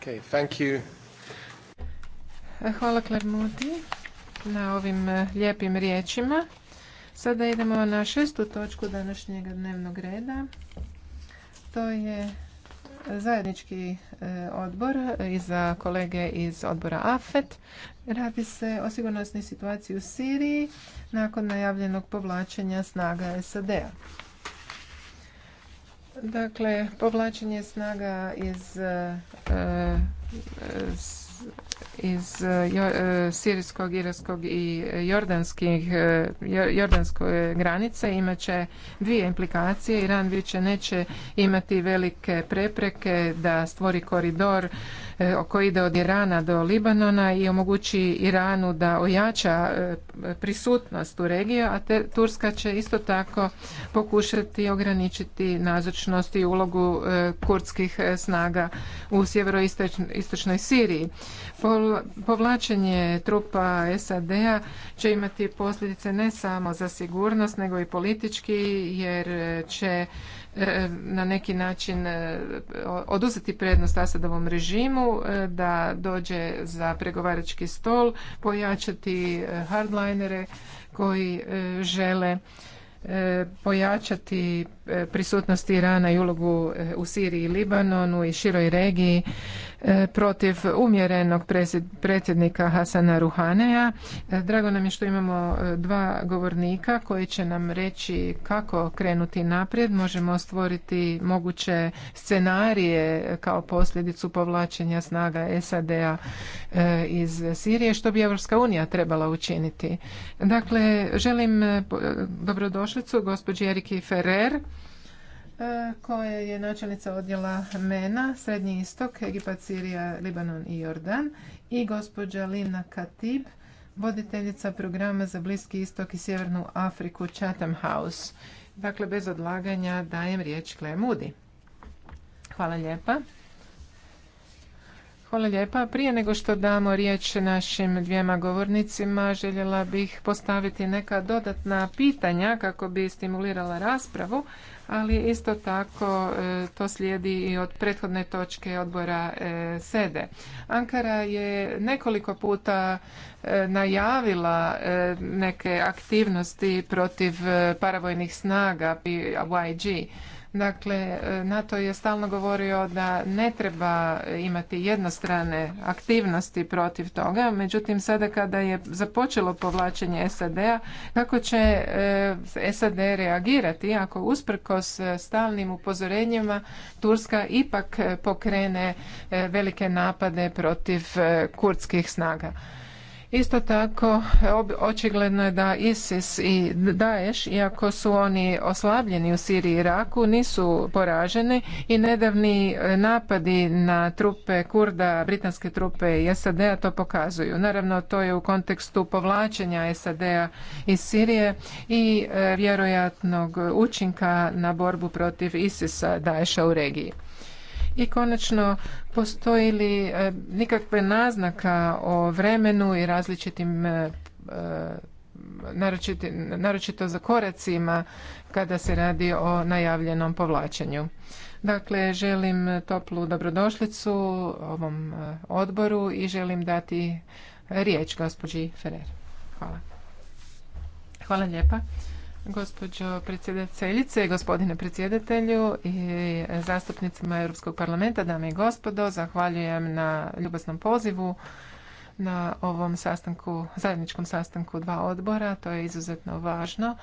Okay, thank you. Hvala Klermuti na ovim eh, lijepim riječima. Sada idemo na šestu točku današnjeg dnevnog reda. To je zajednički eh, odbor eh, i za kolege iz odbora AFET. Radi se o sigurnosnoj situaciji u Siriji nakon najavljenog povlačenja snaga SAD-a. Dakle, povlačenje snaga iz, e, e, iz e, sirijskog, iraskog i jordanskih, granice imat će dvije implikacije. Iran više neće imati velike prepreke da stvori koridor E, koji ide od Irana do Libanona i omogući Iranu da ojača e, prisutnost u regiju, a te, Turska će isto tako pokušati ograničiti nazočnost i ulogu e, kurdskih snaga u sjeveroistočnoj Siriji. Povlačenje trupa SAD-a će imati posljedice ne samo za sigurnost, nego i politički, jer će E, na neki način e, oduzeti prednost Asadovom režimu, e, da dođe za pregovarački stol, pojačati hardlinere koji žele pojačati prisutnost Irana i ulogu u Siriji i Libanonu i široj regiji E, protiv umjerenog predsjednika Hasana Ruhaneja. E, drago nam je što imamo e, dva govornika koji će nam reći kako krenuti naprijed. Možemo stvoriti moguće scenarije kao posljedicu povlačenja snaga SAD-a iz Sirije, što bi Evropska unija trebala učiniti. Dakle, želim dobrodošlicu gospođi Eriki Ferrer, E, koja je načelnica odjela MENA, Srednji istok, Egipat, Sirija, Libanon i Jordan i gospođa Lina Katib, voditeljica programa za Bliski istok i Sjevernu Afriku Chatham House. Dakle, bez odlaganja dajem riječ Klemudi. Hvala lijepa. Hvala lijepa. Prije nego što damo riječ našim dvijema govornicima, željela bih postaviti neka dodatna pitanja kako bi stimulirala raspravu, ali isto tako e, to slijedi i od prethodne točke odbora e, sede. Ankara je nekoliko puta e, najavila neke aktivnosti protiv paravojnih snaga YG Dakle, NATO je stalno govorio da ne treba imati jednostrane aktivnosti protiv toga, međutim sada kada je započelo povlačenje SAD-a, kako će e, SAD reagirati ako usprkos stalnim upozorenjima Turska ipak pokrene e, velike napade protiv e, kurdskih snaga? Isto tako očigledno je da ISIS i Daesh, iako su oni oslabljeni u Siriji i Iraku, nisu poraženi i nedavni e, napadi na trupe Kurda, britanske trupe i SAD-a to pokazuju. Naravno, to je u kontekstu povlačenja SAD-a iz Sirije i e, vjerojatnog učinka na borbu protiv ISIS-a Daesha u regiji. I konačno, postoji li e, nikakve naznaka o vremenu i različitim e, e, naročito za koracima kada se radi o najavljenom povlačenju. Dakle, želim toplu dobrodošlicu ovom odboru i želim dati riječ gospođi Ferrer. Hvala. Hvala lijepa. Gospođo predsjedateljice i gospodine predsjedatelju i zastupnicima Europskog parlamenta, dame i gospodo, zahvaljujem na ljubaznom pozivu na ovom sastanku, zajedničkom sastanku dva odbora. To je izuzetno važno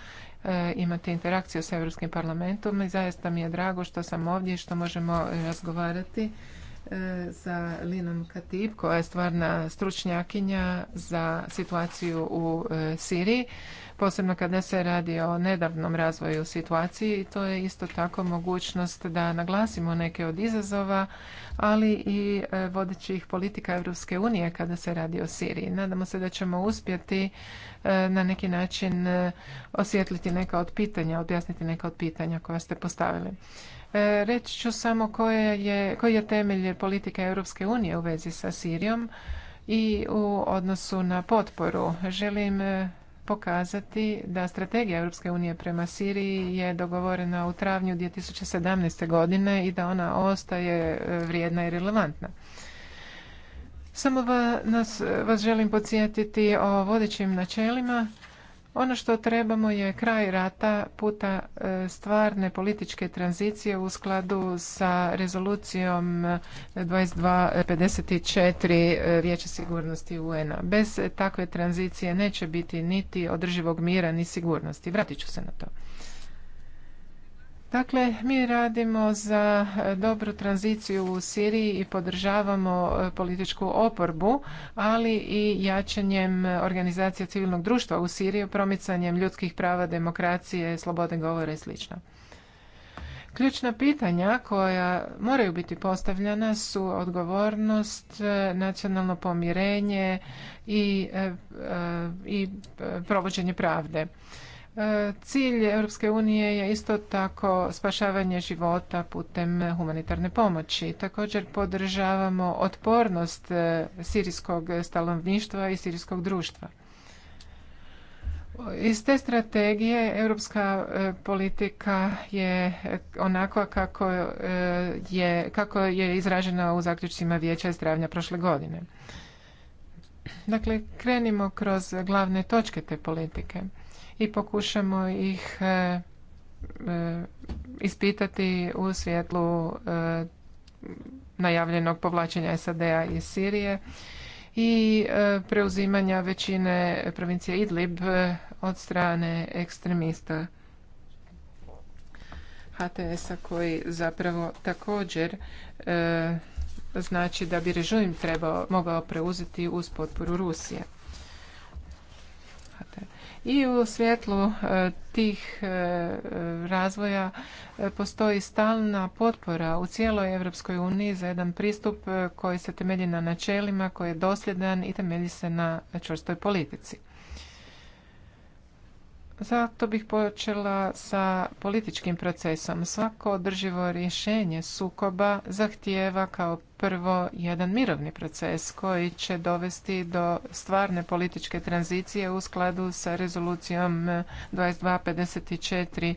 Imate imati interakciju s Europskim parlamentom i zaista mi je drago što sam ovdje i što možemo razgovarati sa e, Linom Katip, koja je stvarna stručnjakinja za situaciju u e, Siriji posebno kada se radi o nedavnom razvoju situaciji, to je isto tako mogućnost da naglasimo neke od izazova, ali i e, vodećih politika Europske unije kada se radi o Siriji. Nadamo se da ćemo uspjeti e, na neki način e, osvijetliti neka od pitanja, objasniti neka od pitanja koja ste postavili. Reći ću samo koje je, koji je temelj politike Europske unije u vezi sa Sirijom i u odnosu na potporu. Želim pokazati da strategija Europske unije prema Siriji je dogovorena u travnju 2017. godine i da ona ostaje e, vrijedna i relevantna. Samo vas, vas želim podsjetiti o vodećim načelima ono što trebamo je kraj rata puta e, stvarne političke tranzicije u skladu sa rezolucijom 2254 e, e, Vijeća sigurnosti UN-a. Bez takve tranzicije neće biti niti održivog mira ni sigurnosti. Vratit ću se na to. Dakle, mi radimo za e, dobru tranziciju u Siriji i podržavamo e, političku oporbu, ali i jačanjem e, organizacija civilnog društva u Siriji, promicanjem ljudskih prava, demokracije, slobode govora i sl. Ključna pitanja koja moraju biti postavljena su odgovornost, nacionalno pomirenje i, i provođenje pravde. E, cilj Europske unije je isto tako spašavanje života putem humanitarne pomoći. Također podržavamo otpornost e, sirijskog stanovništva i sirijskog društva. Iz te strategije europska e, politika je onakva kako je, kako je izražena u zaključcima Vijeća zdravlja prošle godine. Dakle, krenimo kroz glavne točke te politike i pokušamo ih e, e, ispitati u svjetlu e, najavljenog povlačenja SAD-a iz Sirije i preuzimanja većine provincije Idlib od strane ekstremista HTS-a koji zapravo također znači da bi režim trebao mogao preuzeti uz potporu Rusije. I u svjetlu e, tih e, razvoja e, postoji stalna potpora u cijeloj Europskoj uniji za jedan pristup koji se temelji na načelima, koji je dosljedan i temelji se na čvrstoj politici. Zato bih počela sa političkim procesom. Svako održivo rješenje sukoba zahtijeva kao prvo jedan mirovni proces koji će dovesti do stvarne političke tranzicije u skladu sa rezolucijom 2254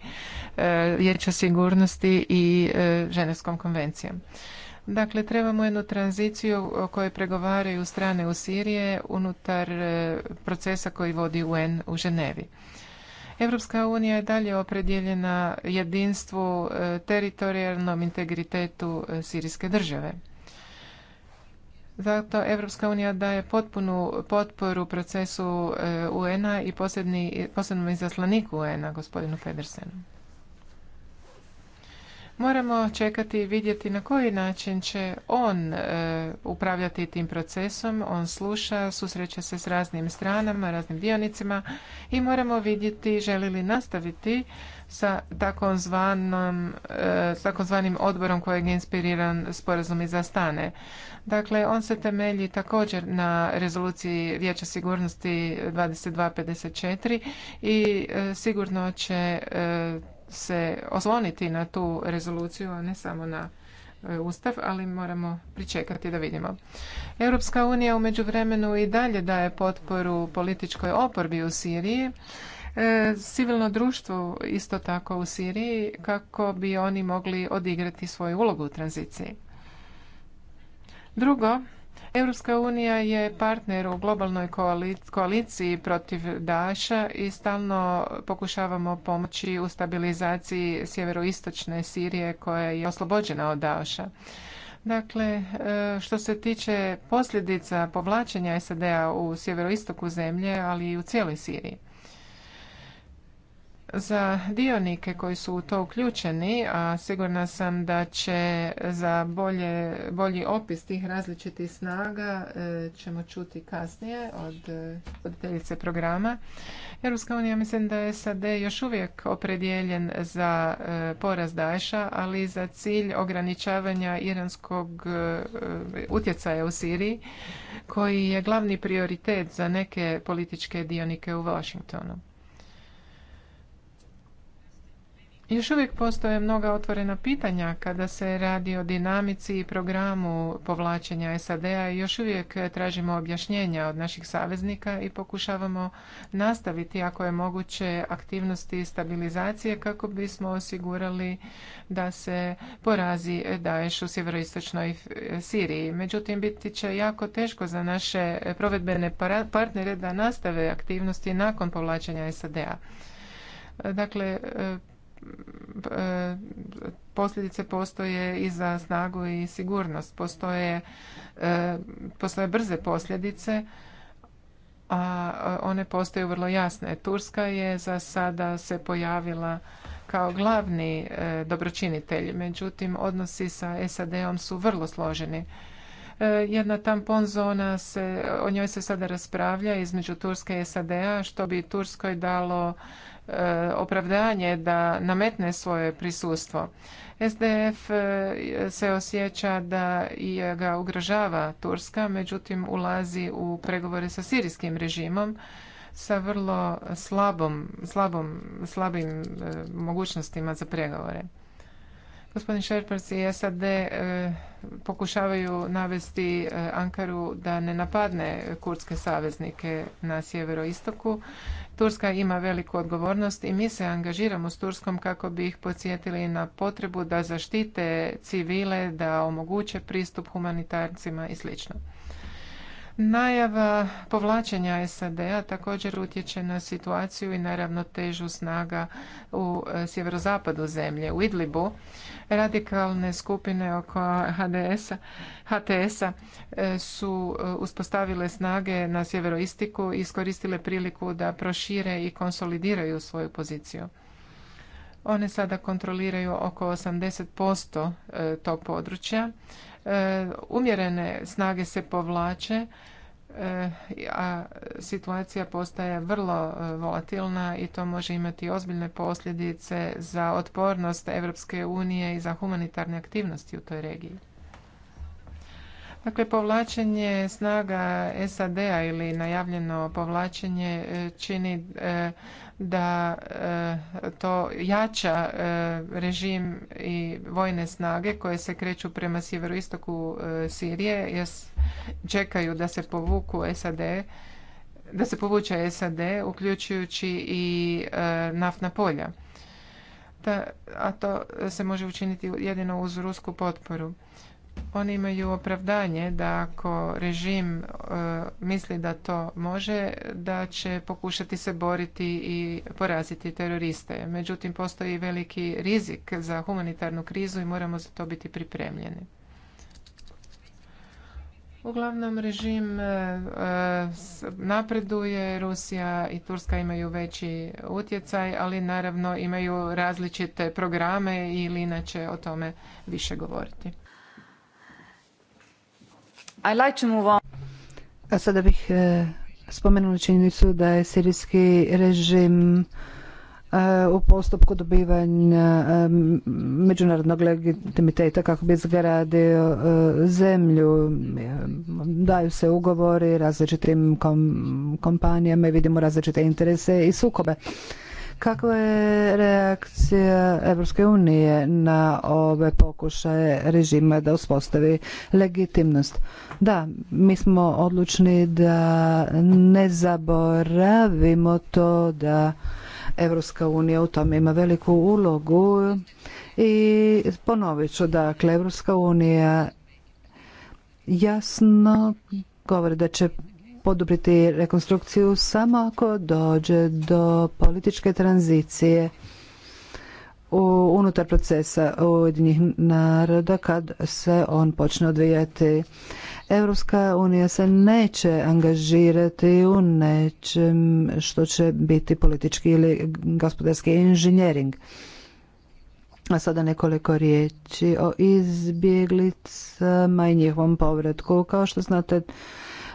e, Vijeća sigurnosti i e, Ženevskom konvencijom. Dakle, trebamo jednu tranziciju o kojoj pregovaraju strane u Sirije unutar e, procesa koji vodi UN u Ženevi. Europska unija je dalje opredjeljena jedinstvu, e, teritorijalnom integritetu e, sirijske države. Zato Europska unija daje potpunu potporu procesu e, UN-a i posebnom izaslaniku UN-a, gospodinu Pedersenu. Moramo čekati i vidjeti na koji način će on e, upravljati tim procesom. On sluša, susreće se s raznim stranama, raznim dionicima i moramo vidjeti želi li nastaviti sa takozvanom, e, odborom kojeg je inspiriran sporazum iz Astane. Dakle, on se temelji također na rezoluciji Vijeća sigurnosti 2254 i e, sigurno će e, se osloniti na tu rezoluciju, a ne samo na e, ustav, ali moramo pričekati da vidimo. Europska unija u međuvremenu i dalje daje potporu političkoj oporbi u Siriji, e, civilno društvo isto tako u Siriji kako bi oni mogli odigrati svoju ulogu u tranziciji. Drugo, Europska unija je partner u globalnoj koaliciji protiv Daša i stalno pokušavamo pomoći u stabilizaciji sjeveroistočne Sirije koja je oslobođena od Daša. Dakle, e, što se tiče posljedica povlačenja SAD-a u sjeveroistoku zemlje, ali i u cijeloj Siriji za dionike koji su u to uključeni, a sigurna sam da će za bolje, bolji opis tih različitih snaga e, ćemo čuti kasnije od e, voditeljice programa. Europska unija mislim da je SAD još uvijek opredijeljen za e, poraz Daesha, ali za cilj ograničavanja iranskog utjecaja u Siriji, koji je glavni prioritet za neke političke dionike u Washingtonu. Još uvijek postoje mnoga otvorena pitanja kada se radi o dinamici i programu povlačenja SAD-a i još uvijek tražimo objašnjenja od naših saveznika i pokušavamo nastaviti ako je moguće aktivnosti stabilizacije kako bismo osigurali da se porazi Daesh u sjeveroistočnoj Siriji. Međutim, biti će jako teško za naše provedbene partnere da nastave aktivnosti nakon povlačenja SAD-a. Dakle, posljedice postoje i za snagu i sigurnost. Postoje, e, postoje brze posljedice, a one postaju vrlo jasne. Turska je za sada se pojavila kao glavni e, dobročinitelj, međutim odnosi sa SAD-om su vrlo složeni. E, jedna tampon zona, se, o njoj se sada raspravlja između Turske i SAD-a, što bi Turskoj dalo Eh, opravdanje da nametne svoje prisustvo. SDF eh, se osjeća da ga ugrožava Turska, međutim ulazi u pregovore sa sirijskim režimom sa vrlo slabom, slabim eh, mogućnostima za pregovore. Gospodin Šerpac i SAD e, pokušavaju navesti e, Ankaru da ne napadne kurdske saveznike na sjeveroistoku. Turska ima veliku odgovornost i mi se angažiramo s Turskom kako bi ih podsjetili na potrebu da zaštite civile, da omoguće pristup humanitarcima i slično. Najava povlačenja SAD-a također utječe na situaciju i na ravnotežu snaga u e, sjeverozapadu zemlje. U Idlibu radikalne skupine oko HDS-a, HTS-a e, su e, uspostavile snage na sjeveroistiku i iskoristile priliku da prošire i konsolidiraju svoju poziciju. One sada kontroliraju oko 80% tog područja E, umjerene snage se povlače e, a situacija postaje vrlo e, volatilna i to može imati ozbiljne posljedice za otpornost Europske unije i za humanitarne aktivnosti u toj regiji. Dakle, povlačenje snaga SAD-a ili najavljeno povlačenje e, čini e, da e, to jača režim i vojne snage koje se kreću prema sjeveroistoku Sirije jer čekaju da se povuku SAD da se povuče SAD uključujući i naftna polja. a to se može učiniti jedino uz rusku potporu oni imaju opravdanje da ako režim e, misli da to može, da će pokušati se boriti i poraziti teroriste. Međutim, postoji veliki rizik za humanitarnu krizu i moramo za to biti pripremljeni. Uglavnom režim e, e, napreduje, Rusija i Turska imaju veći utjecaj, ali naravno imaju različite programe ili inače o tome više govoriti. A sada bih e, spomenula činjenicu da je sirijski režim e, u postupku dobivanja e, međunarodnog legitimiteta kako bi zgradio zemlju. Daju se ugovori različitim kompanijama i vidimo različite interese i sukobe. Kakva je reakcija Evropske unije na ove pokušaje režima da uspostavi legitimnost? Da, mi smo odlučni da ne zaboravimo to da Evropska unija u tom ima veliku ulogu i ponovit ću dakle Evropska unija jasno govori da će podupriti rekonstrukciju samo ako dođe do političke tranzicije u, unutar procesa Ujedinjenih naroda kad se on počne odvijati. Europska unija se neće angažirati u nečem što će biti politički ili gospodarski inženjering. A sada nekoliko riječi o izbjeglicama i njihovom povratku. Kao što znate,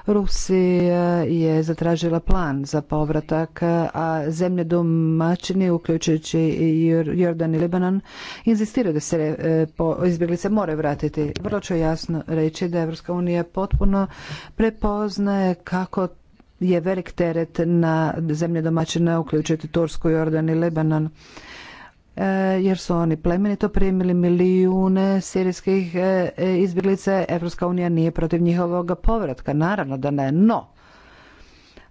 Rusija eh, je zatražila plan za povratak, eh, a zemlje domaćini, uključujući i Jordan i Libanon, inzistiraju da se eh, izbjeglice moraju vratiti. Vrlo ću jasno reći da Evropska unija potpuno prepoznaje kako je velik teret na zemlje domaćina, uključujući Tursku, Jordan i Libanon Eh, jer su oni plemenito primili milijune sirijskih eh, eh, izbjeglica. Evropska unija nije protiv njihovog povratka, naravno da ne, no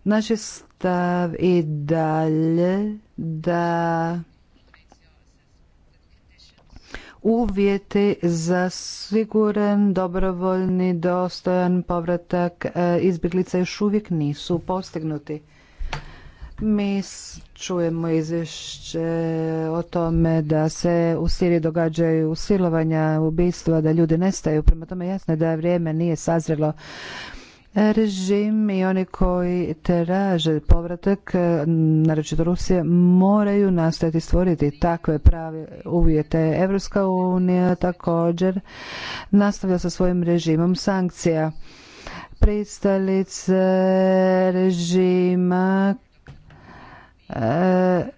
naš je stav i dalje da uvjeti za siguran, dobrovoljni, dostojan povratak izbjeglica još uvijek nisu postignuti. Mi čujemo izvješće o tome da se u Siriji događaju usilovanja, ubistva, da ljudi nestaju. Prema tome jasno je da vrijeme nije sazrelo režim i oni koji traže povratak, naročito Rusije, moraju nastojati stvoriti takve prave uvjete. Evropska unija također nastavlja sa svojim režimom sankcija pristalice režima E,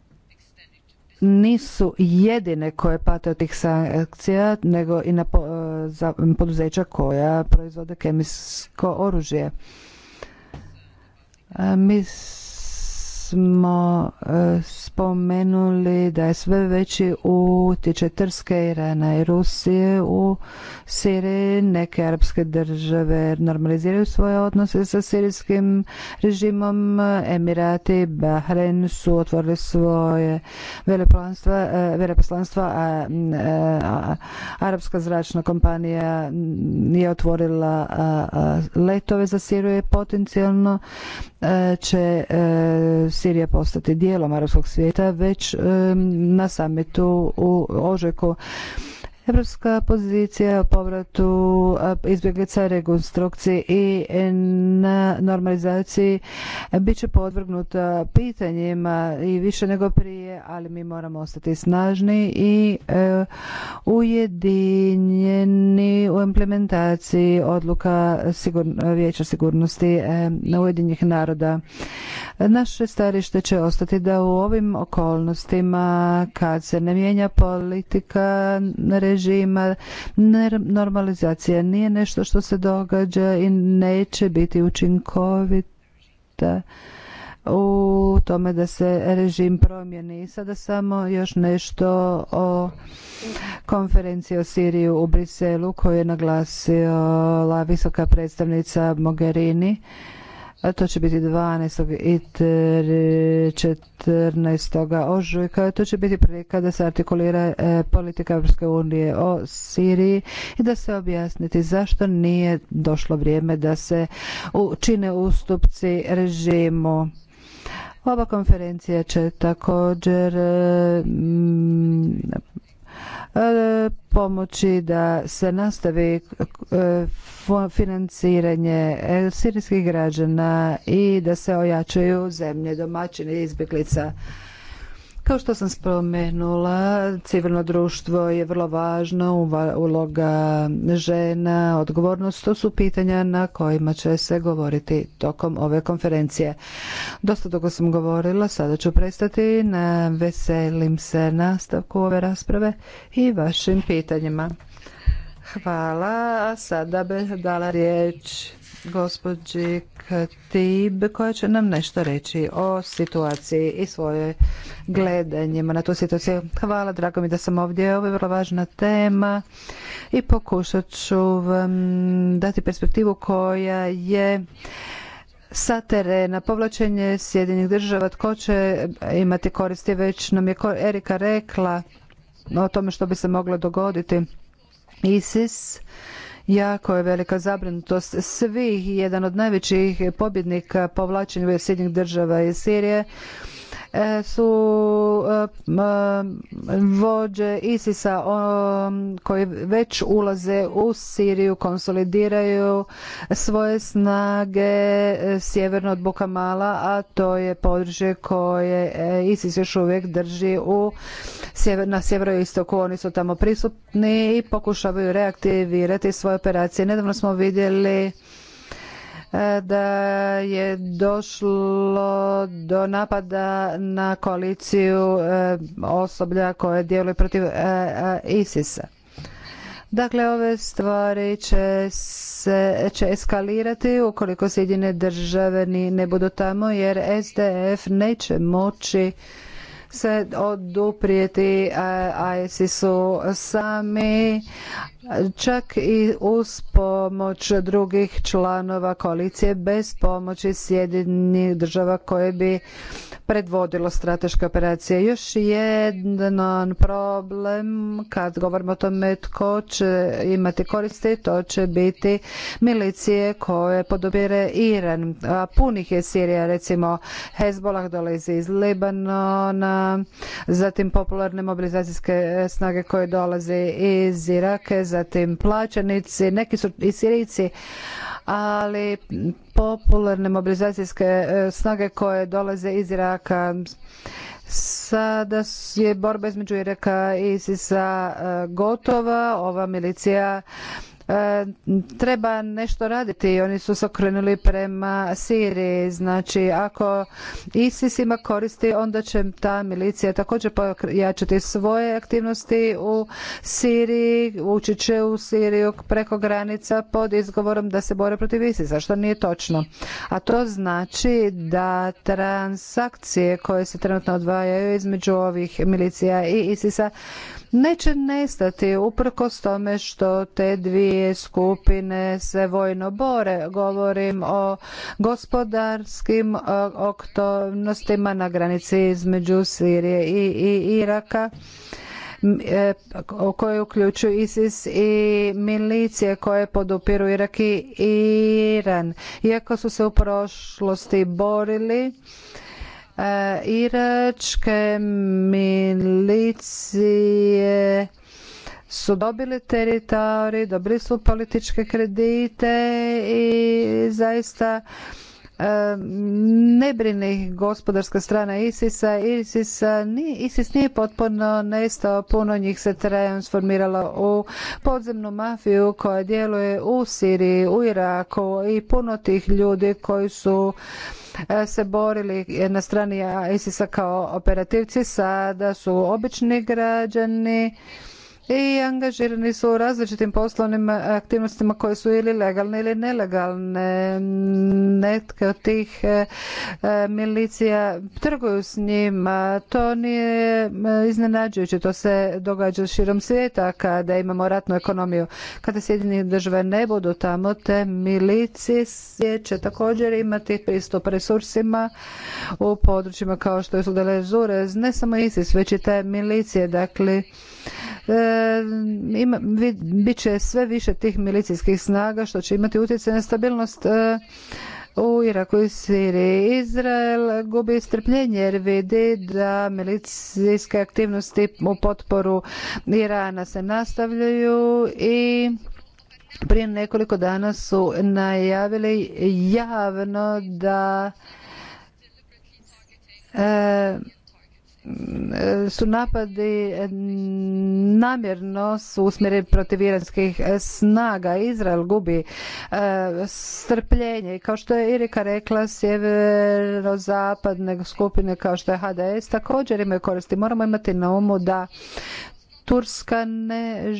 nisu jedine koje pate od tih sankcija, nego i na e, poduzeća koja proizvode kemijsko oružje. E, mis smo e, spomenuli da je sve veći utječaj Trske, Irana i Rusije u Siriji. Neke arapske države normaliziraju svoje odnose sa sirijskim režimom. Emirati, Bahrein su otvorili svoje e, veleposlanstva, a, e, a, arapska zračna kompanija nije otvorila letove za Siriju potencijalno E, će e, Sirija postati dijelom arapskog svijeta već e, na samitu u Ožeku Evropska pozicija o povratu izbjeglica, rekonstrukciji i na normalizaciji bit će podvrgnuta pitanjima i više nego prije, ali mi moramo ostati snažni i e, ujedinjeni u implementaciji odluka Vijeća sigurnosti e, na Ujedinjenih naroda. Naše starište će ostati da u ovim okolnostima kad se ne mijenja politika režima. Normalizacija nije nešto što se događa i neće biti učinkovita u tome da se režim promijeni. I sada samo još nešto o konferenciji o Siriju u Briselu koju je naglasila visoka predstavnica Mogherini to će biti 12. i 14. ožujka. To će biti prilika da se artikulira e, politika Europske unije o Siriji i da se objasniti zašto nije došlo vrijeme da se čine ustupci režimu. Ova konferencija će također e, E, pomoći da se nastavi e, financiranje e, sirijskih građana i da se ojačaju zemlje domaćine izbjeglica. Kao što sam spomenula, civilno društvo je vrlo važno, uloga žena, odgovornost, to su pitanja na kojima će se govoriti tokom ove konferencije. Dosta dugo sam govorila, sada ću prestati, na veselim se nastavku ove rasprave i vašim pitanjima. Hvala, a sada bih dala riječ gospođi Katib koja će nam nešto reći o situaciji i svoje gledanjima na tu situaciju. Hvala, drago mi da sam ovdje. Ovo je vrlo važna tema i pokušat ću vam dati perspektivu koja je sa terena, povlačenje Sjedinjenih država, tko će imati koristi, već nam je Erika rekla o tome što bi se moglo dogoditi. ISIS Jako je velika zabrinutost svih. Jedan od najvećih pobjednika povlačenja Sjedinjenih država iz Sirije E, su e, e, vođe ISIS-a koji već ulaze u Siriju, konsolidiraju svoje snage sjeverno od Bukamala, a to je područje koje ISIS još uvijek drži u sjever, na sjeveroistoku. Oni su tamo prisutni i pokušavaju reaktivirati svoje operacije. Nedavno smo vidjeli E, da je došlo do napada na koaliciju e, osoblja koje djeluje protiv e, ISIS-a. Dakle, ove stvari će se će eskalirati ukoliko Sjedinjene države ne budu tamo jer SDF neće moći se oduprijeti e, isis su sami, čak i uz pomoć drugih članova koalicije bez pomoći Sjedinjenih država koje bi predvodilo strateške operacije. Još jedan problem kad govorimo o tome tko će imati koristi, to će biti milicije koje podobire Iran. punih je Sirija, recimo Hezbollah dolazi iz Libanona, zatim popularne mobilizacijske snage koje dolaze iz Irake, zatim plaćenici, neki su i Sirijci, ali popularne mobilizacijske e, snage koje dolaze iz Iraka. Sada je borba između Iraka i ISIS-a e, gotova. Ova milicija treba nešto raditi. Oni su se okrenuli prema Siriji. Znači, ako ISIS ima koristi, onda će ta milicija također pojačati svoje aktivnosti u Siriji, ući će u Siriju preko granica pod izgovorom da se bore protiv isis što nije točno. A to znači da transakcije koje se trenutno odvajaju između ovih milicija i ISIS-a neće nestati uprkos tome što te dvije skupine se vojno bore. Govorim o gospodarskim e, oktovnostima na granici između Sirije i, i Iraka e, koje uključuju ISIS i milicije koje podupiru Irak i Iran. Iako su se u prošlosti borili E, iračke milicije su dobili teritorij, dobili su političke kredite i zaista e, ne brini gospodarska strana ISIS-a. ISIS, ISIS nije potpuno nestao, puno njih se transformiralo u podzemnu mafiju koja djeluje u Siriji, u Iraku i puno tih ljudi koji su E, se borili na strani isis kao operativci, sada su obični građani i angažirani su u različitim poslovnim aktivnostima koje su ili legalne ili nelegalne. Netke od tih e, e, milicija trguju s njima. To nije e, iznenađujuće. To se događa širom svijeta kada imamo ratnu ekonomiju. Kada Sjedinjene države ne budu tamo, te milicije će također imati pristup resursima u područjima kao što su Zurez. ne samo ISIS, već i te milicije. Dakle, E, ima, bit će sve više tih milicijskih snaga što će imati utjecaj na stabilnost e, u Iraku i Siriji. Izrael gubi strpljenje jer vidi da milicijske aktivnosti u potporu Irana se nastavljaju i prije nekoliko dana su najavili javno da e, su napadi namjerno su usmjereni protiv iranskih snaga. Izrael gubi e, strpljenje i kao što je Irika rekla, sjeverozapadne skupine kao što je HDS također imaju koristi. Moramo imati na umu da Turska ne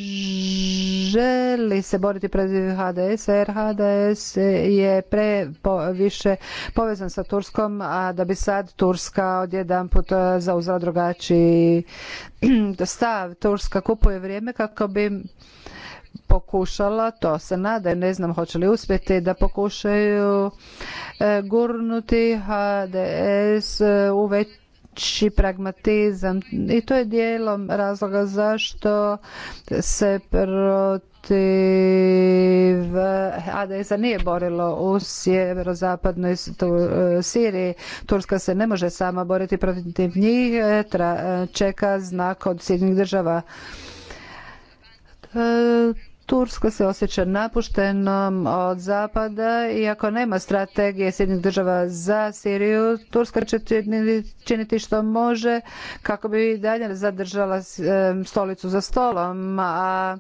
želi se boriti protiv HDS, jer HDS je pre više povezan sa Turskom, a da bi sad Turska put eh, zauzela drugačiji stav. Turska kupuje vrijeme kako bi pokušala, to se nada, ne znam hoće li uspjeti, da pokušaju eh, gurnuti HDS eh, u već veći pragmatizam i to je dijelom razloga zašto se protiv ads nije borilo u sjeverozapadnoj e, Siriji. Turska se ne može sama boriti protiv njih, e, e, čeka znak od Sjedinjenih država Turska se osjeća napuštenom od zapada i ako nema strategije Sjedinjenih država za Siriju, Turska će činiti što može kako bi i dalje zadržala stolicu za stolom, a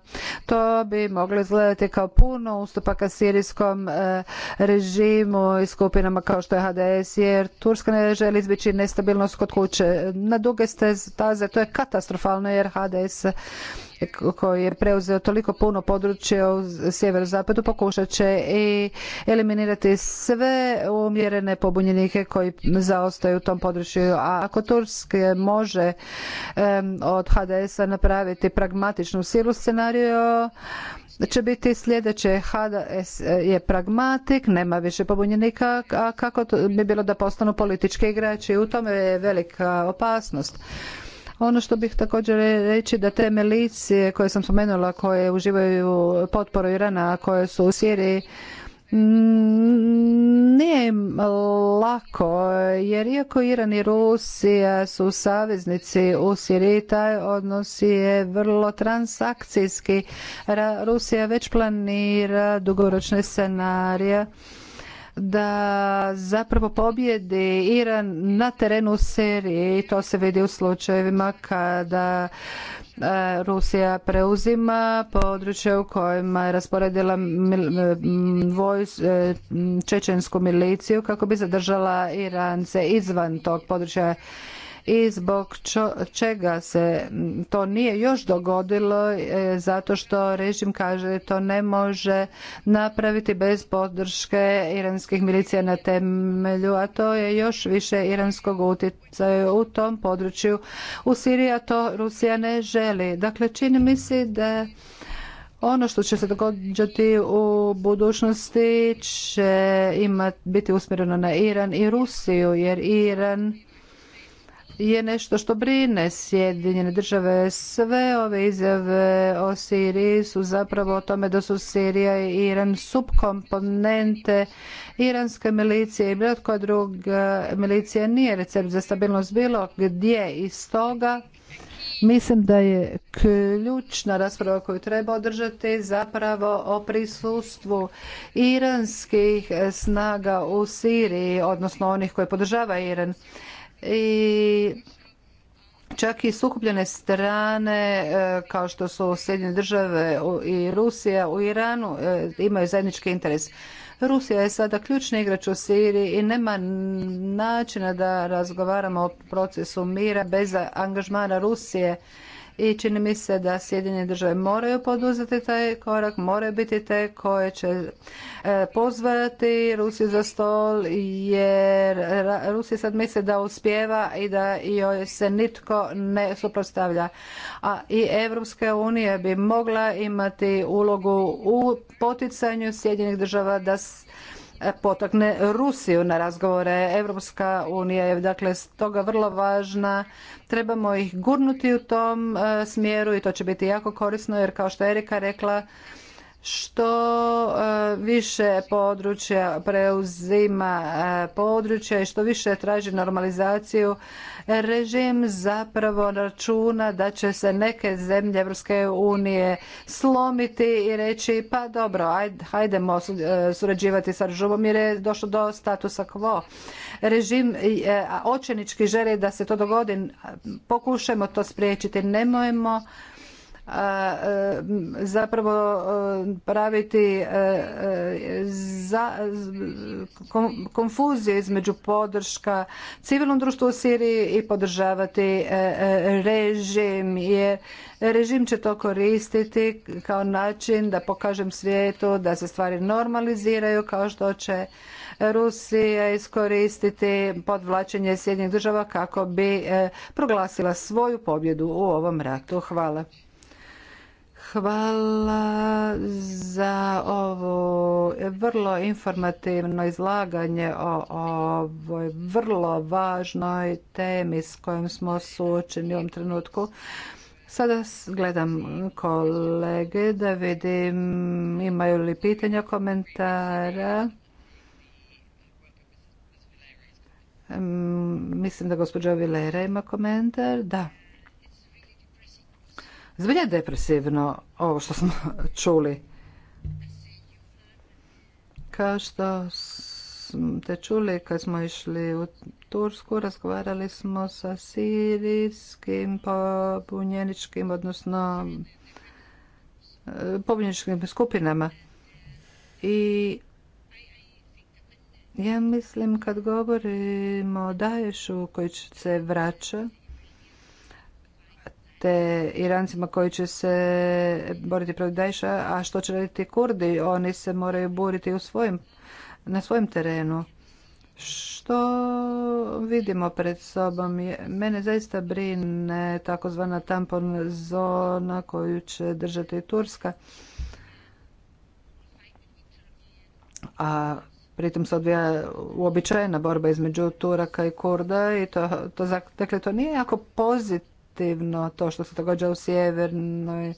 to bi moglo izgledati kao puno ustupaka sirijskom e, režimu i skupinama kao što je HDS, jer Turska ne želi izbjeći nestabilnost kod kuće. Na duge staze to je katastrofalno jer HDS koji je preuzeo toliko puno područja u sjeverozapadu pokušat će i eliminirati sve umjerene pobunjenike koji zaostaju u tom području. A ako Turske može od HDS-a napraviti pragmatičnu silu scenario, će biti sljedeće. HDS je pragmatik, nema više pobunjenika, a kako bi bilo da postanu politički igrači? U tome je velika opasnost. Ono što bih također reći da te milicije koje sam spomenula koje uživaju potporu Irana, koje su u Siriji mm, nije lako, jer iako Iran i Rusija su saveznici u Siriji, taj odnos je vrlo transakcijski. Rusija već planira dugoročne scenarije da zapravo pobjedi Iran na terenu u Siriji i to se vidi u slučajevima kada e, Rusija preuzima područje u kojima je rasporedila vojs, e, čečensku miliciju kako bi zadržala Irance izvan tog područja i zbog čega se to nije još dogodilo e, zato što režim kaže to ne može napraviti bez podrške iranskih milicija na temelju, a to je još više iranskog utjecaja u tom području. U Siriji a to Rusija ne želi. Dakle, čini mi se da ono što će se događati u budućnosti će imati biti usmjereno na Iran i Rusiju, jer Iran je nešto što brine Sjedinjene države. Sve ove izjave o Siriji su zapravo o tome da su Sirija i Iran subkomponente iranske milicije i bilo koja druga milicija nije recept za stabilnost bilo gdje i stoga Mislim da je ključna rasprava koju treba održati zapravo o prisustvu iranskih snaga u Siriji, odnosno onih koje podržava Iran i čak i sukupljene strane e, kao što su Sjedinjene države i Rusija u Iranu e, imaju zajednički interes. Rusija je sada ključni igrač u Siriji i nema načina da razgovaramo o procesu mira bez angažmana Rusije i čini mi se da Sjedinje države moraju poduzeti taj korak, moraju biti te koje će e, pozvati Rusiju za stol jer Rusija sad misli da uspjeva i da joj se nitko ne suprotstavlja. A i Evropska unija bi mogla imati ulogu u poticanju Sjedinjenih država da E, potakne Rusiju na razgovore. Europska unija je dakle stoga vrlo važna. Trebamo ih gurnuti u tom e, smjeru i to će biti jako korisno jer kao što je Erika rekla što e, više područja preuzima e, područja i što više traži normalizaciju režim zapravo računa da će se neke zemlje Evropske unije slomiti i reći pa dobro hajdemo e, surađivati sa režimom jer je došlo do statusa quo. Režim očenički želi da se to dogodi, pokušajmo to spriječiti, nemojmo E, zapravo e, praviti e, konfuziju konfuzije između podrška civilnom društvu u Siriji i podržavati režim jer režim će to koristiti kao način da pokažem svijetu da se stvari normaliziraju kao što će Rusija iskoristiti podvlačenje Sjedinjenih država kako bi proglasila svoju pobjedu u ovom ratu. Hvala. Hvala za ovo vrlo informativno izlaganje o ovoj vrlo važnoj temi s kojom smo suočeni u ovom trenutku. Sada gledam kolege da vidim imaju li pitanja, komentara. Mm, mislim da gospođa Vilera ima komentar. Da. Zbilje depresivno ovo što smo čuli. Kao što te čuli kad smo išli u Tursku, razgovarali smo sa sirijskim pobunjeničkim, odnosno e, pobunjeničkim skupinama. I ja mislim kad govorimo o Daješu koji se vraća, Irancima koji će se boriti protiv Dajša, a što će raditi Kurdi? Oni se moraju boriti u svojim, na svojem terenu. Što vidimo pred sobom? Mene zaista brine takozvana tampon zona koju će držati Turska. A pritom se odvija uobičajena borba između Turaka i Kurda i to, to, dakle, to nije jako pozitivno to što se događa u sjevernoj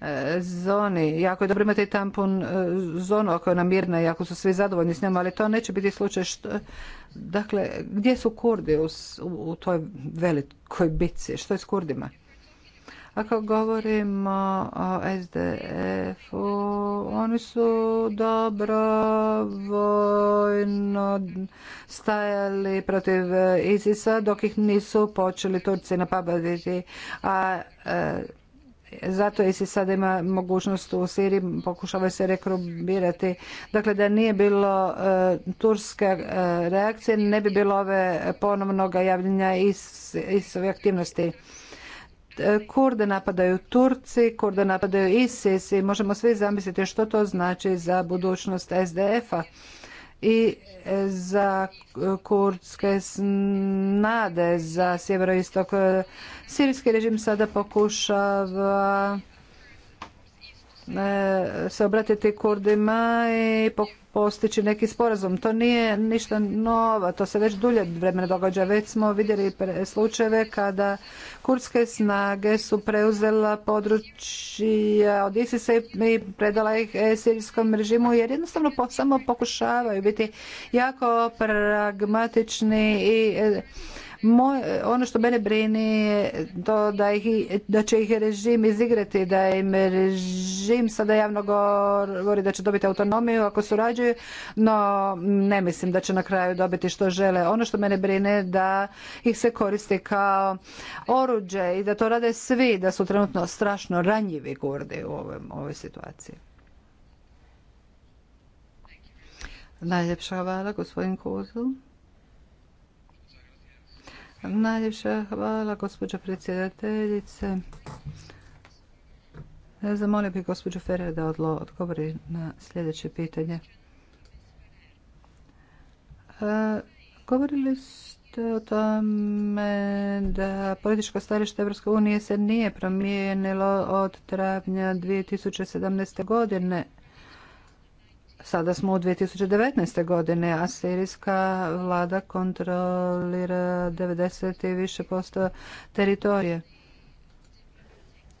e, zoni. Jako je dobro imati tampon e, zonu ako je ona mirna i ako su svi zadovoljni s njom, ali to neće biti slučaj. Što, dakle, gdje su Kurdi u, u toj velikoj bitci? Što je s Kurdima? Ako govorimo o SDF-u, oni su vojno stajali protiv ISIS-a dok ih nisu počeli Turci napadati. A e, zato isis sada ima mogućnost u Siriji pokušava se rekrubirati. Dakle, da nije bilo e, turske e, reakcije, ne bi bilo ove ponovnog javljanja iz, aktivnosti. Kurde napadaju Turci, Kurde napadaju ISIS i možemo svi zamisliti što to znači za budućnost SDF-a i za kurdske snade za sjeveroistok. Sirijski režim sada pokušava E, se obratiti Kurdima i postići neki sporazum. To nije ništa novo, to se već dulje vremena događa. Već smo vidjeli slučajeve kada kurdske snage su preuzela područja od ISIS-a i predala ih e, sirijskom režimu jer jednostavno samo pokušavaju biti jako pragmatični i e, moj, ono što mene brini je to da, ih, da će ih režim izigrati, da im režim sada javno govori da će dobiti autonomiju ako surađuju, no ne mislim da će na kraju dobiti što žele. Ono što mene brine da ih se koristi kao oruđe i da to rade svi, da su trenutno strašno ranjivi Kurdi u ovoj, ovoj situaciji. Najljepša hvala, gospodin Kozul. Najljepša hvala gospođo predsjedateljice. E, zamolio bih gospođu Ferre da odgovori na sljedeće pitanje. E, govorili ste o tome da političko stajalište EU unije se nije promijenilo od travnja 2017. godine. Sada smo u 2019. godine, a sirijska vlada kontrolira 90 i više posto teritorije.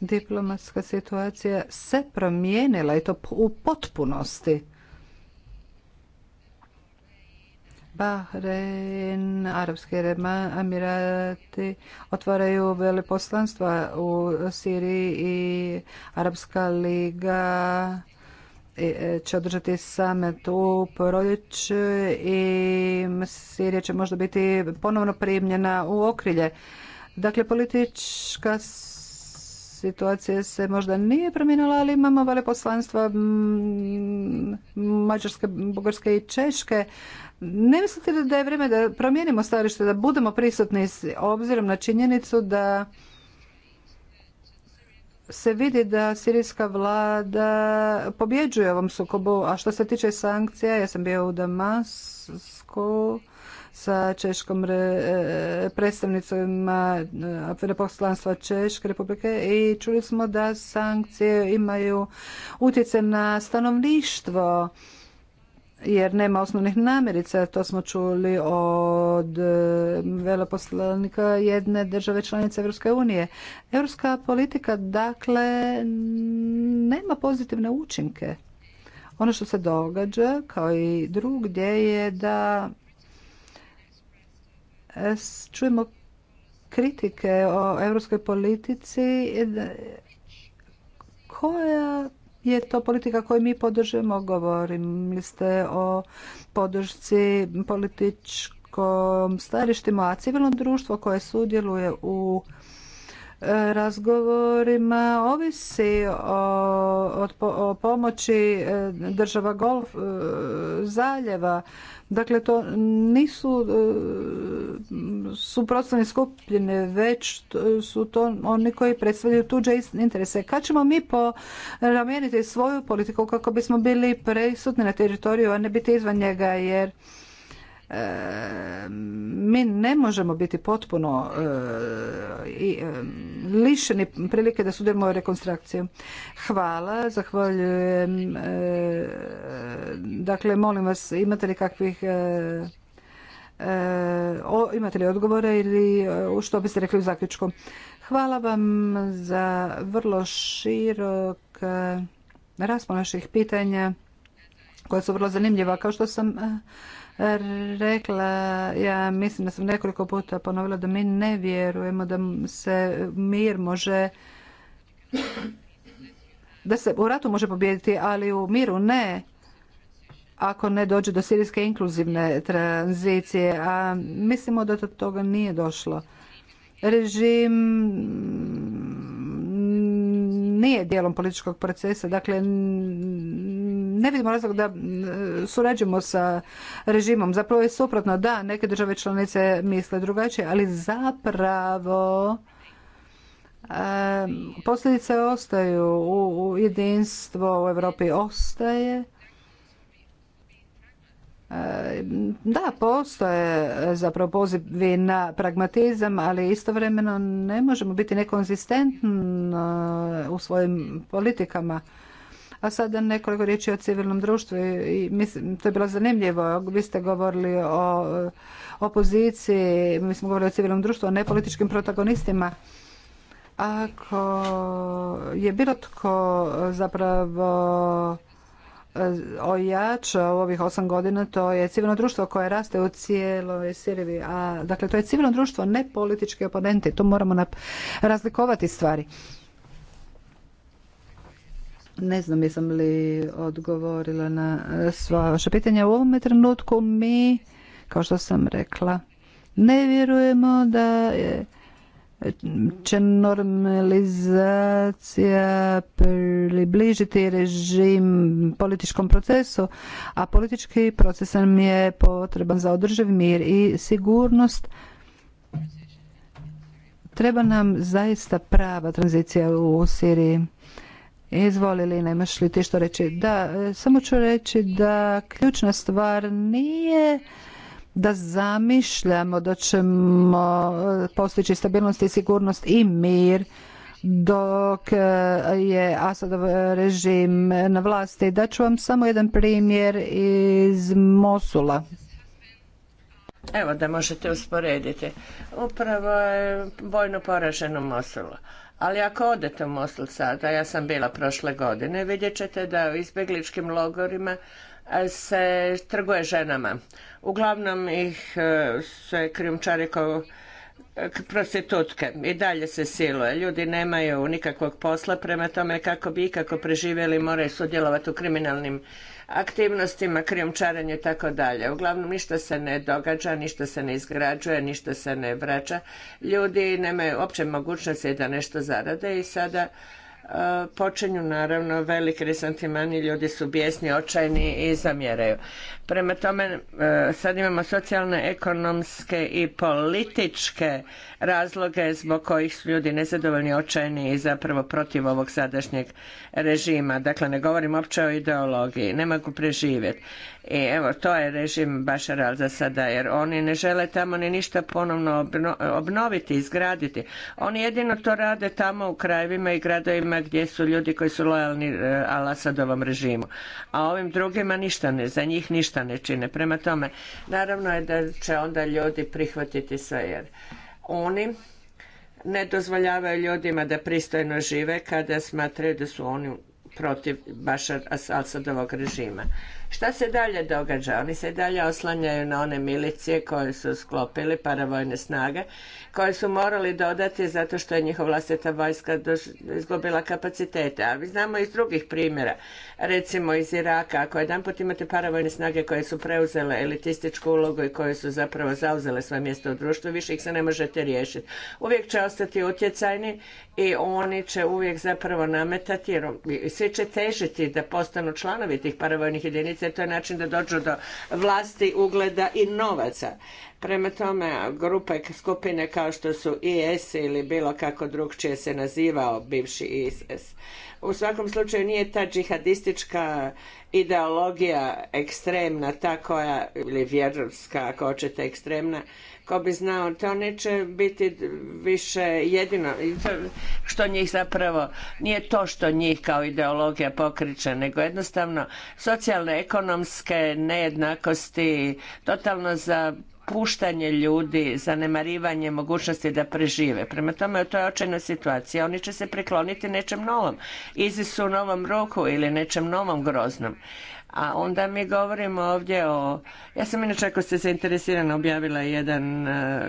Diplomatska situacija se promijenila i to u potpunosti. Bahrein, Arabski Emirati otvaraju veleposlanstva u Siriji i Arabska liga E, će održati same tu proljeć i Sirija će možda biti ponovno primljena u okrilje. Dakle, politička situacija se možda nije promijenila, ali imamo poslanstva Mađarske, Bugarske i Češke. Ne mislite da je vrijeme da promijenimo starište, da budemo prisutni s obzirom na činjenicu da se vidi da sirijska vlada pobjeđuje ovom sukobu. A što se tiče sankcija, ja sam bio u Damasku sa češkom e, predstavnicima veleposlanstva Češke republike i čuli smo da sankcije imaju utjecaj na stanovništvo jer nema osnovnih namjerica. To smo čuli od e, veloposlanika jedne države članice Europske unije. Europska politika dakle nema pozitivne učinke. Ono što se događa kao i drugdje je da e, čujemo kritike o europskoj politici koja je to politika koju mi podržujemo. Govorim ste o podršci političkom stajalištima, a civilno društvo koje sudjeluje u razgovorima ovisi o, o pomoći e, država Golf e, zaljeva. Dakle, to nisu e, suprotstavne skupine, već su to oni koji predstavljaju tuđe interese. Kad ćemo mi poramijeniti svoju politiku kako bismo bili presutni na teritoriju, a ne biti izvan njega, jer mi ne možemo biti potpuno e, e, lišeni prilike da sudjelujemo u rekonstrukciju. Hvala, zahvaljujem. E, dakle, molim vas, imate li kakvih o, imate li odgovore ili što biste rekli u zaključku? Hvala vam za vrlo širok raspon naših pitanja koja su vrlo zanimljiva. Kao što sam rekla, ja mislim da sam nekoliko puta ponovila da mi ne vjerujemo da se mir može da se u ratu može pobijediti, ali u miru ne ako ne dođe do sirijske inkluzivne tranzicije, a mislimo da to toga nije došlo. Režim nije dijelom političkog procesa, dakle ne vidimo razlog da surađujemo sa režimom. Zapravo je suprotno da neke države članice misle drugačije, ali zapravo posljedice ostaju u jedinstvo u Europi ostaje da, postoje zapravo pozivi na pragmatizam, ali istovremeno ne možemo biti nekonzistentni u svojim politikama. A sada nekoliko riječi o civilnom društvu. I mislim, to je bilo zanimljivo. Vi ste govorili o opoziciji, mi smo govorili o civilnom društvu, o nepolitičkim protagonistima. Ako je bilo tko zapravo e, ojača u ovih osam godina, to je civilno društvo koje raste u cijeloj Siriji. A, dakle, to je civilno društvo, ne politički oponenti. Tu moramo razlikovati stvari. Ne znam jesam li odgovorila na sva vaša pitanja. U ovome trenutku mi, kao što sam rekla, ne vjerujemo da će normalizacija približiti režim političkom procesu, a politički proces nam je potreban za održiv mir i sigurnost. Treba nam zaista prava tranzicija u Siriji Izvoli Lina, imaš li ti što reći? Da, e, samo ću reći da ključna stvar nije da zamišljamo da ćemo e, postići stabilnost i sigurnost i mir dok e, je Asadov režim na vlasti. Dat ću vam samo jedan primjer iz Mosula. Evo da možete usporediti. Upravo je vojno poraženo Mosulu ali ako odete u Mosul sada, ja sam bila prošle godine, vidjet ćete da u izbjegličkim logorima e, se trguje ženama. Uglavnom ih e, se krijumčari e, kao prostitutke i dalje se siluje. Ljudi nemaju nikakvog posla, prema tome kako bi ikako preživjeli moraju sudjelovati u kriminalnim aktivnostima, krijumčarenju i tako dalje. Uglavnom ništa se ne događa, ništa se ne izgrađuje, ništa se ne vraća. Ljudi nemaju uopće mogućnosti da nešto zarade i sada e, počinju naravno veliki resentimani, ljudi su bijesni, očajni i zamjeraju. Prema tome e, sad imamo socijalne, ekonomske i političke razloge zbog kojih su ljudi nezadovoljni, očajni i zapravo protiv ovog sadašnjeg režima. Dakle, ne govorim uopće o ideologiji, ne mogu preživjeti. I evo, to je režim Bašar al za sada, jer oni ne žele tamo ni ništa ponovno obnoviti, izgraditi. Oni jedino to rade tamo u krajevima i gradovima gdje su ljudi koji su lojalni e, Al-Asadovom režimu. A ovim drugima ništa ne, za njih ništa ne čine. Prema tome, naravno je da će onda ljudi prihvatiti sve, jer oni ne dozvoljavaju ljudima da pristojno žive kada smatraju da su oni protiv Bašar Asadovog režima. Šta se dalje događa? Oni se dalje oslanjaju na one milicije koje su sklopili, paravojne snage, koje su morali dodati zato što je njihova vlastita vojska izgubila kapacitete. A vi znamo iz drugih primjera, recimo iz Iraka, ako jedanput imate paravojne snage koje su preuzele elitističku ulogu i koje su zapravo zauzele svoje mjesto u društvu, više ih se ne možete riješiti. Uvijek će ostati utjecajni i oni će uvijek zapravo nametati, jer svi će težiti da postanu članovi tih paravojnih jedinica se to je način da dođu do vlasti, ugleda i novaca. Prema tome, grupe skupine kao što su IS ili bilo kako drugčije se nazivao bivši IS. U svakom slučaju nije ta džihadistička ideologija ekstremna, ta koja, ili vjerovska ako hoćete ekstremna, ko bi znao, to neće biti više jedino što njih zapravo, nije to što njih kao ideologija pokriče, nego jednostavno socijalne, ekonomske nejednakosti totalno za puštanje ljudi, zanemarivanje mogućnosti da prežive. Prema tome, to je očajna situacija. Oni će se prikloniti nečem novom, izisu novom roku ili nečem novom groznom. A onda mi govorimo ovdje o... Ja sam inače, ako ste zainteresirani, objavila jedan eh,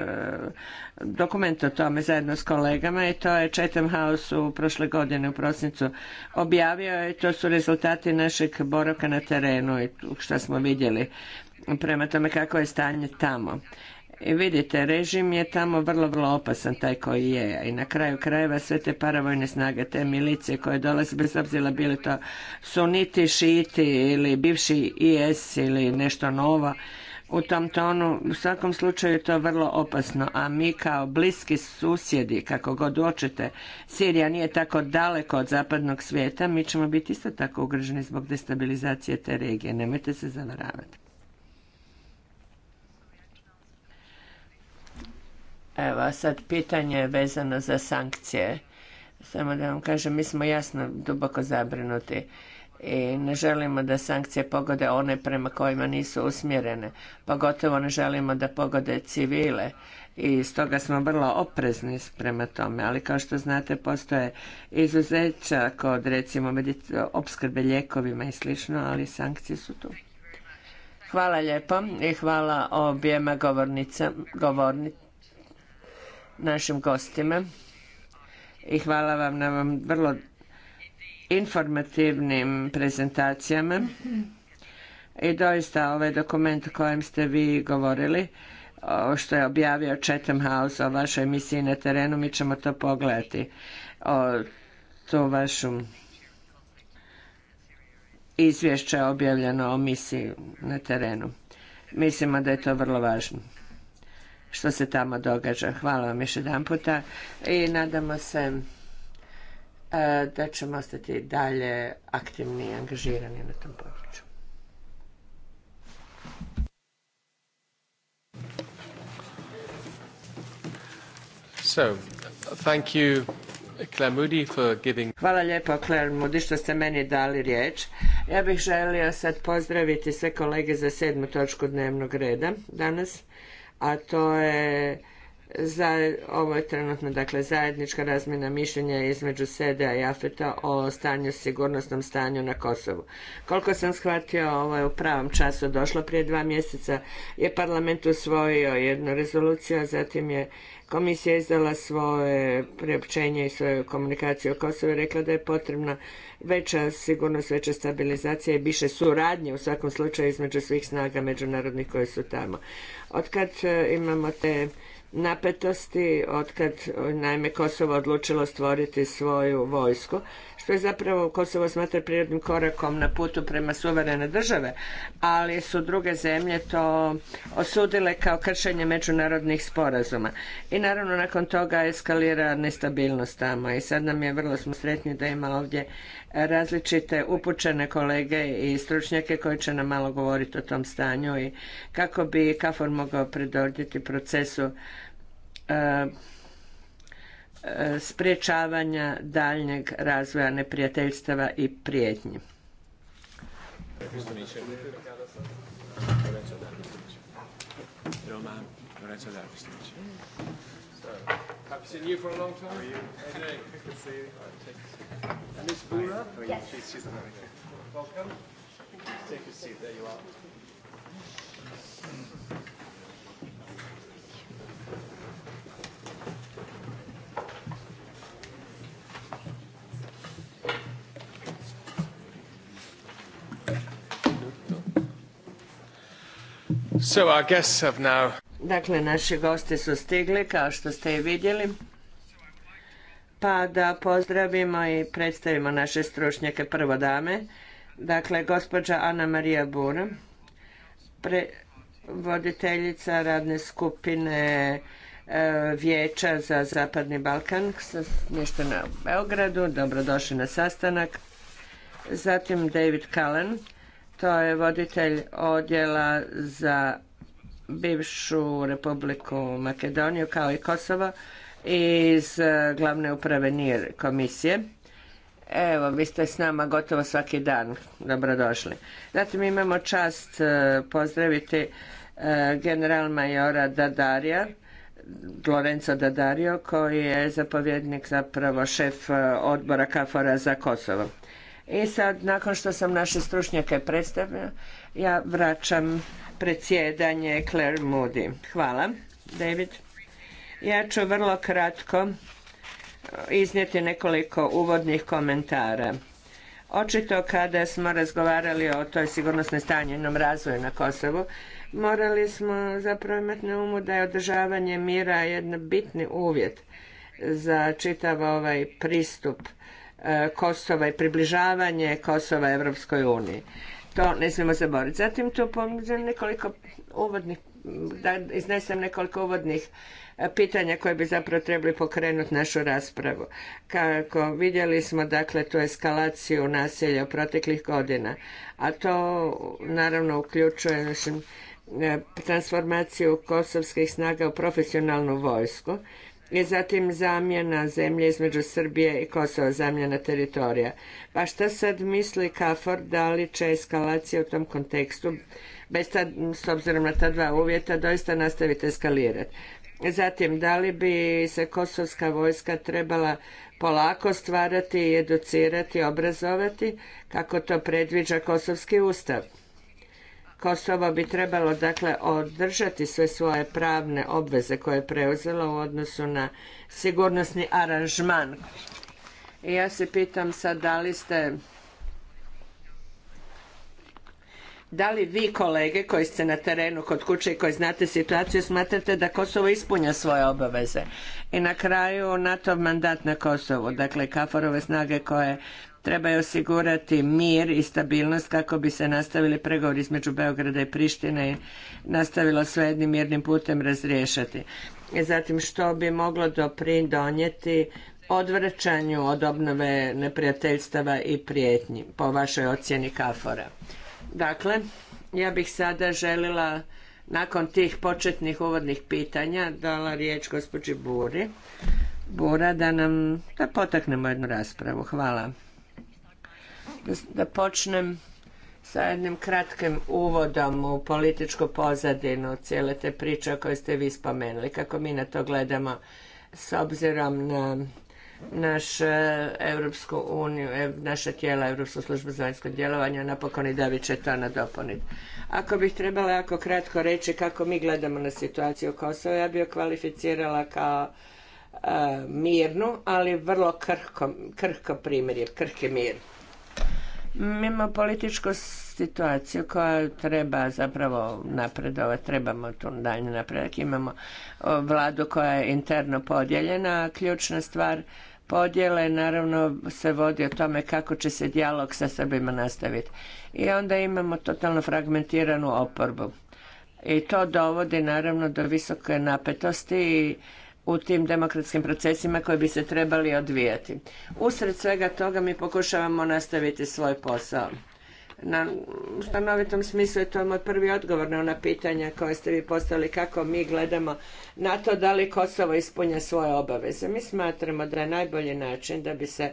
dokument o tome zajedno s kolegama i to je Chatham House u prošle godine u prosincu objavio i to su rezultati našeg boravka na terenu i što smo vidjeli prema tome kako je stanje tamo. I vidite, režim je tamo vrlo, vrlo opasan taj koji je. I na kraju krajeva sve te paravojne snage, te milicije koje dolaze, bez obzira bili to suniti, šiti ili bivši IS ili nešto novo, u tom tonu, u svakom slučaju je to vrlo opasno, a mi kao bliski susjedi, kako god hoćete, Sirija nije tako daleko od zapadnog svijeta, mi ćemo biti isto tako ugroženi zbog destabilizacije te regije, nemojte se zavaravati. Evo, sad pitanje je vezano za sankcije. Samo da vam kažem, mi smo jasno duboko zabrinuti i ne želimo da sankcije pogode one prema kojima nisu usmjerene. Pogotovo ne želimo da pogode civile i stoga smo vrlo oprezni prema tome. Ali kao što znate postoje izuzeća kod recimo opskrbe lijekovima i slično, ali sankcije su tu. Hvala lijepo i hvala objema govornica, našim gostima i hvala vam na vam vrlo informativnim prezentacijama i doista ovaj dokument o kojem ste vi govorili što je objavio Chatham House o vašoj misiji na terenu, mi ćemo to pogledati. O, tu vašu izvješće objavljeno o misiji na terenu. Mislimo da je to vrlo važno što se tamo događa. Hvala vam još jedan puta i nadamo se e, da ćemo ostati dalje aktivni i angažirani na tom području. So, thank you, Claire Hvala lijepo Claire Moody što ste meni dali riječ. Ja bih želio sad pozdraviti sve kolege za sedmu točku dnevnog reda danas a to je za, ovo je trenutno dakle, zajednička razmjena mišljenja između SEDA i AFETA o stanju, sigurnosnom stanju na Kosovu. Koliko sam shvatio, ovo je u pravom času došlo. Prije dva mjeseca je parlament usvojio jednu rezoluciju, a zatim je komisija izdala svoje priopćenje i svoju komunikaciju o Kosovu i rekla da je potrebna veća sigurnost, veća stabilizacija i više suradnje u svakom slučaju između svih snaga međunarodnih koji su tamo. Od kad e, imamo te napetosti od kad naime Kosovo odlučilo stvoriti svoju vojsku, što je zapravo Kosovo smatra prirodnim korakom na putu prema suverene države, ali su druge zemlje to osudile kao kršenje međunarodnih sporazuma. I naravno nakon toga eskalira nestabilnost tamo i sad nam je vrlo smo sretni da ima ovdje različite upućene kolege i stručnjake koji će nam malo govoriti o tom stanju i kako bi KFOR mogao predodjeti procesu sprječavanja daljnjeg razvoja neprijateljstava i prijetnji. Dakle, naši gosti su stigli, kao što ste i vidjeli. Pa da pozdravimo i predstavimo naše stručnjake prvo dame. Dakle, gospođa Ana Marija Bura, voditeljica radne skupine e, Vijeća za Zapadni Balkan, nešto na Beogradu, dobrodošli na sastanak. Zatim David Cullen, to je voditelj odjela za bivšu Republiku Makedoniju kao i Kosovo iz e, glavne uprave NIR komisije. Evo, vi ste s nama gotovo svaki dan. Dobrodošli. Zatim imamo čast e, pozdraviti e, general majora Dadarija, Lorenzo Dadario, koji je zapovjednik, zapravo šef odbora Kafora za Kosovo. I sad, nakon što sam naše stručnjake predstavio, ja vraćam predsjedanje Claire Moody. Hvala, David. Ja ću vrlo kratko iznijeti nekoliko uvodnih komentara. Očito kada smo razgovarali o toj sigurnosnoj stanjenom razvoju na Kosovu, morali smo zapravo imati na umu da je održavanje mira jedan bitni uvjet za čitav ovaj pristup e, Kosova i približavanje Kosova Europskoj uniji. To ne smijemo zaboraviti. Zatim tu pomijem nekoliko uvodnih, da iznesem nekoliko uvodnih e, pitanja koje bi zapravo trebali pokrenuti našu raspravu. Kako vidjeli smo dakle tu eskalaciju nasilja u proteklih godina, a to naravno uključuje našim e, transformaciju kosovskih snaga u profesionalnu vojsku i zatim zamjena zemlje između Srbije i Kosova, zamjena teritorija. Pa šta sad misli Kafor, da li će eskalacija u tom kontekstu, bez ta, s obzirom na ta dva uvjeta, doista nastaviti eskalirati? Zatim, da li bi se kosovska vojska trebala polako stvarati i educirati, obrazovati, kako to predviđa kosovski ustav? Kosovo bi trebalo dakle održati sve svoje pravne obveze koje je preuzelo u odnosu na sigurnosni aranžman. I ja se pitam sad da li ste da li vi kolege koji ste na terenu kod kuće i koji znate situaciju smatrate da Kosovo ispunja svoje obaveze? I na kraju NATO mandat na Kosovu, dakle Kaforove snage koje trebaju osigurati mir i stabilnost kako bi se nastavili pregovori između Beograda i Prištine i nastavilo sve jednim mirnim putem razriješati. I zatim što bi moglo doprinijeti odvraćanju od obnove neprijateljstava i prijetnji po vašoj ocjeni Kafora. Dakle, ja bih sada želila nakon tih početnih uvodnih pitanja dala riječ gospođi Buri. Bura da nam da potaknemo jednu raspravu. Hvala da počnem sa jednim kratkim uvodom u političku pozadinu cijele te priče o ste vi spomenuli, kako mi na to gledamo s obzirom na naš e, Europsku uniju, e, naša tijela Europsku službu za vanjsko djelovanje, napokon i David će to nadopuniti. Ako bih trebala jako kratko reći kako mi gledamo na situaciju u Kosovo, ja bih kvalificirala kao e, mirnu, ali vrlo krhko, krhko primjer, krhki mir. Mi imamo političku situaciju koja treba zapravo napredovati, trebamo tu dalje napredak. Imamo vladu koja je interno podijeljena, a ključna stvar podjele naravno se vodi o tome kako će se dijalog sa Srbima nastaviti. I onda imamo totalno fragmentiranu oporbu. I to dovodi naravno do visoke napetosti i u tim demokratskim procesima koji bi se trebali odvijati. Usred svega toga mi pokušavamo nastaviti svoj posao. Na stanovitom smislu je to moj prvi odgovor na ona pitanja koje ste vi postavili kako mi gledamo na to da li Kosovo ispunja svoje obaveze. Mi smatramo da je najbolji način da bi se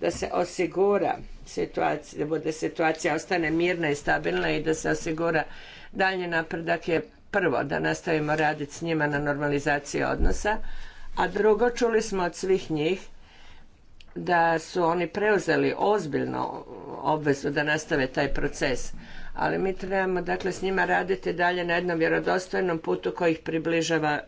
da se osigura situacija, da bude situacija ostane mirna i stabilna i da se osigura dalje napredak je prvo da nastavimo raditi s njima na normalizaciji odnosa, a drugo čuli smo od svih njih da su oni preuzeli ozbiljno obvezu da nastave taj proces, ali mi trebamo dakle s njima raditi dalje na jednom vjerodostojnom putu koji ih približava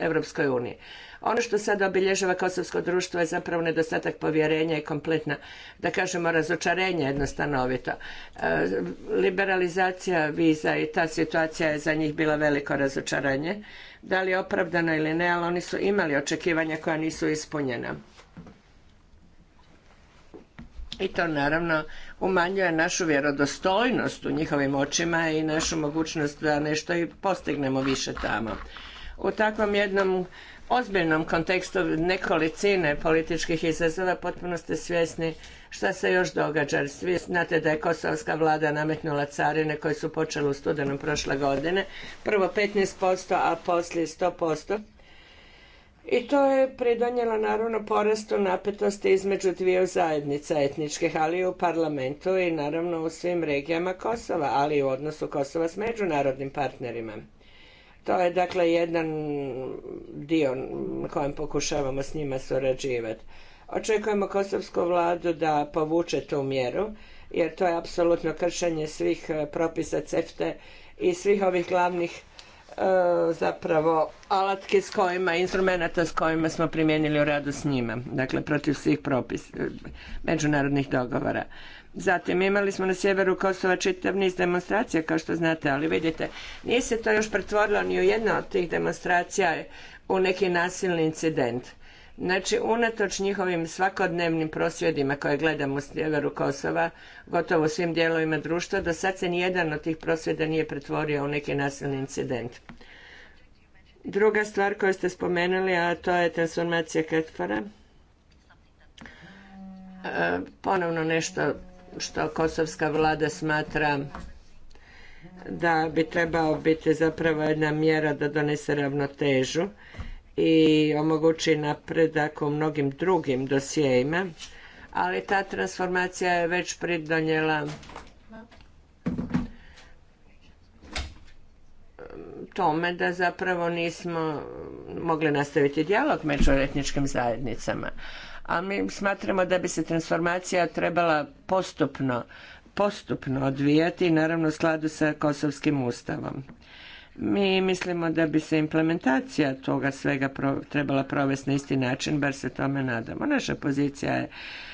Evropskoj uniji. Ono što sada obilježava kosovsko društvo je zapravo nedostatak povjerenja i kompletna, da kažemo, razočarenje jednostanovito. E, liberalizacija viza i ta situacija je za njih bila veliko razočaranje. Da li je opravdano ili ne, ali oni su imali očekivanja koja nisu ispunjena. I to naravno umanjuje našu vjerodostojnost u njihovim očima i našu mogućnost da nešto i postignemo više tamo. U takvom jednom ozbiljnom kontekstu nekolicine političkih izazova potpuno ste svjesni šta se još događa. Svi znate da je kosovska vlada nametnula carine koje su počele u studenom prošle godine. Prvo 15%, a poslije 100%. I to je pridonijelo naravno porastu napetosti između dviju zajednica etničkih, ali i u parlamentu i naravno u svim regijama Kosova, ali i u odnosu Kosova s međunarodnim partnerima. To je dakle jedan dio na kojem pokušavamo s njima surađivati. Očekujemo kosovsku vladu da povuče tu mjeru, jer to je apsolutno kršenje svih e, propisa CEFTE i svih ovih glavnih e, zapravo alatke s kojima, instrumenta s kojima smo primijenili u radu s njima, dakle protiv svih propisa, e, međunarodnih dogovora. Zatim imali smo na sjeveru Kosova čitav niz demonstracija kao što znate, ali vidite, nije se to još pretvorilo ni u jedna od tih demonstracija u neki nasilni incident. Znači, unatoč njihovim svakodnevnim prosvjedima koje gledamo u sjeveru Kosova, gotovo u svim dijelovima društva, do sad se nijedan od tih prosvjeda nije pretvorio u neki nasilni incident. Druga stvar koju ste spomenuli, a to je transformacija Ketfara. E, ponovno nešto što kosovska vlada smatra da bi trebao biti zapravo jedna mjera da donese ravnotežu i omogući napredak u mnogim drugim dosjeima, ali ta transformacija je već pridonjela tome da zapravo nismo mogli nastaviti dijalog među etničkim zajednicama a mi smatramo da bi se transformacija trebala postupno, postupno odvijati i naravno u skladu sa kosovskim ustavom. Mi mislimo da bi se implementacija toga svega trebala provesti na isti način, bar se tome nadamo. Naša pozicija je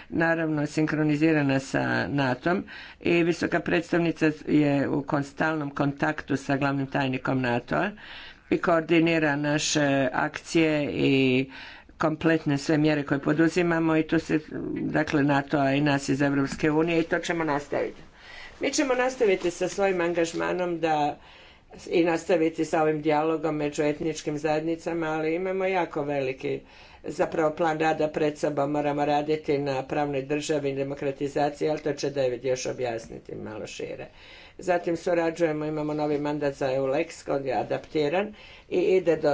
naravno sinkronizirana sa NATO-om i visoka predstavnica je u konstalnom kontaktu sa glavnim tajnikom NATO-a i koordinira naše akcije i kompletne sve mjere koje poduzimamo i to se, dakle, NATO-a i nas iz Europske unije i to ćemo nastaviti. Mi ćemo nastaviti sa svojim angažmanom da i nastaviti sa ovim dijalogom među etničkim zajednicama, ali imamo jako veliki zapravo plan rada pred sobom. Moramo raditi na pravnoj državi i demokratizaciji, ali to će David još objasniti malo šire. Zatim surađujemo, imamo novi mandat za EULEX koji je adaptiran i ide do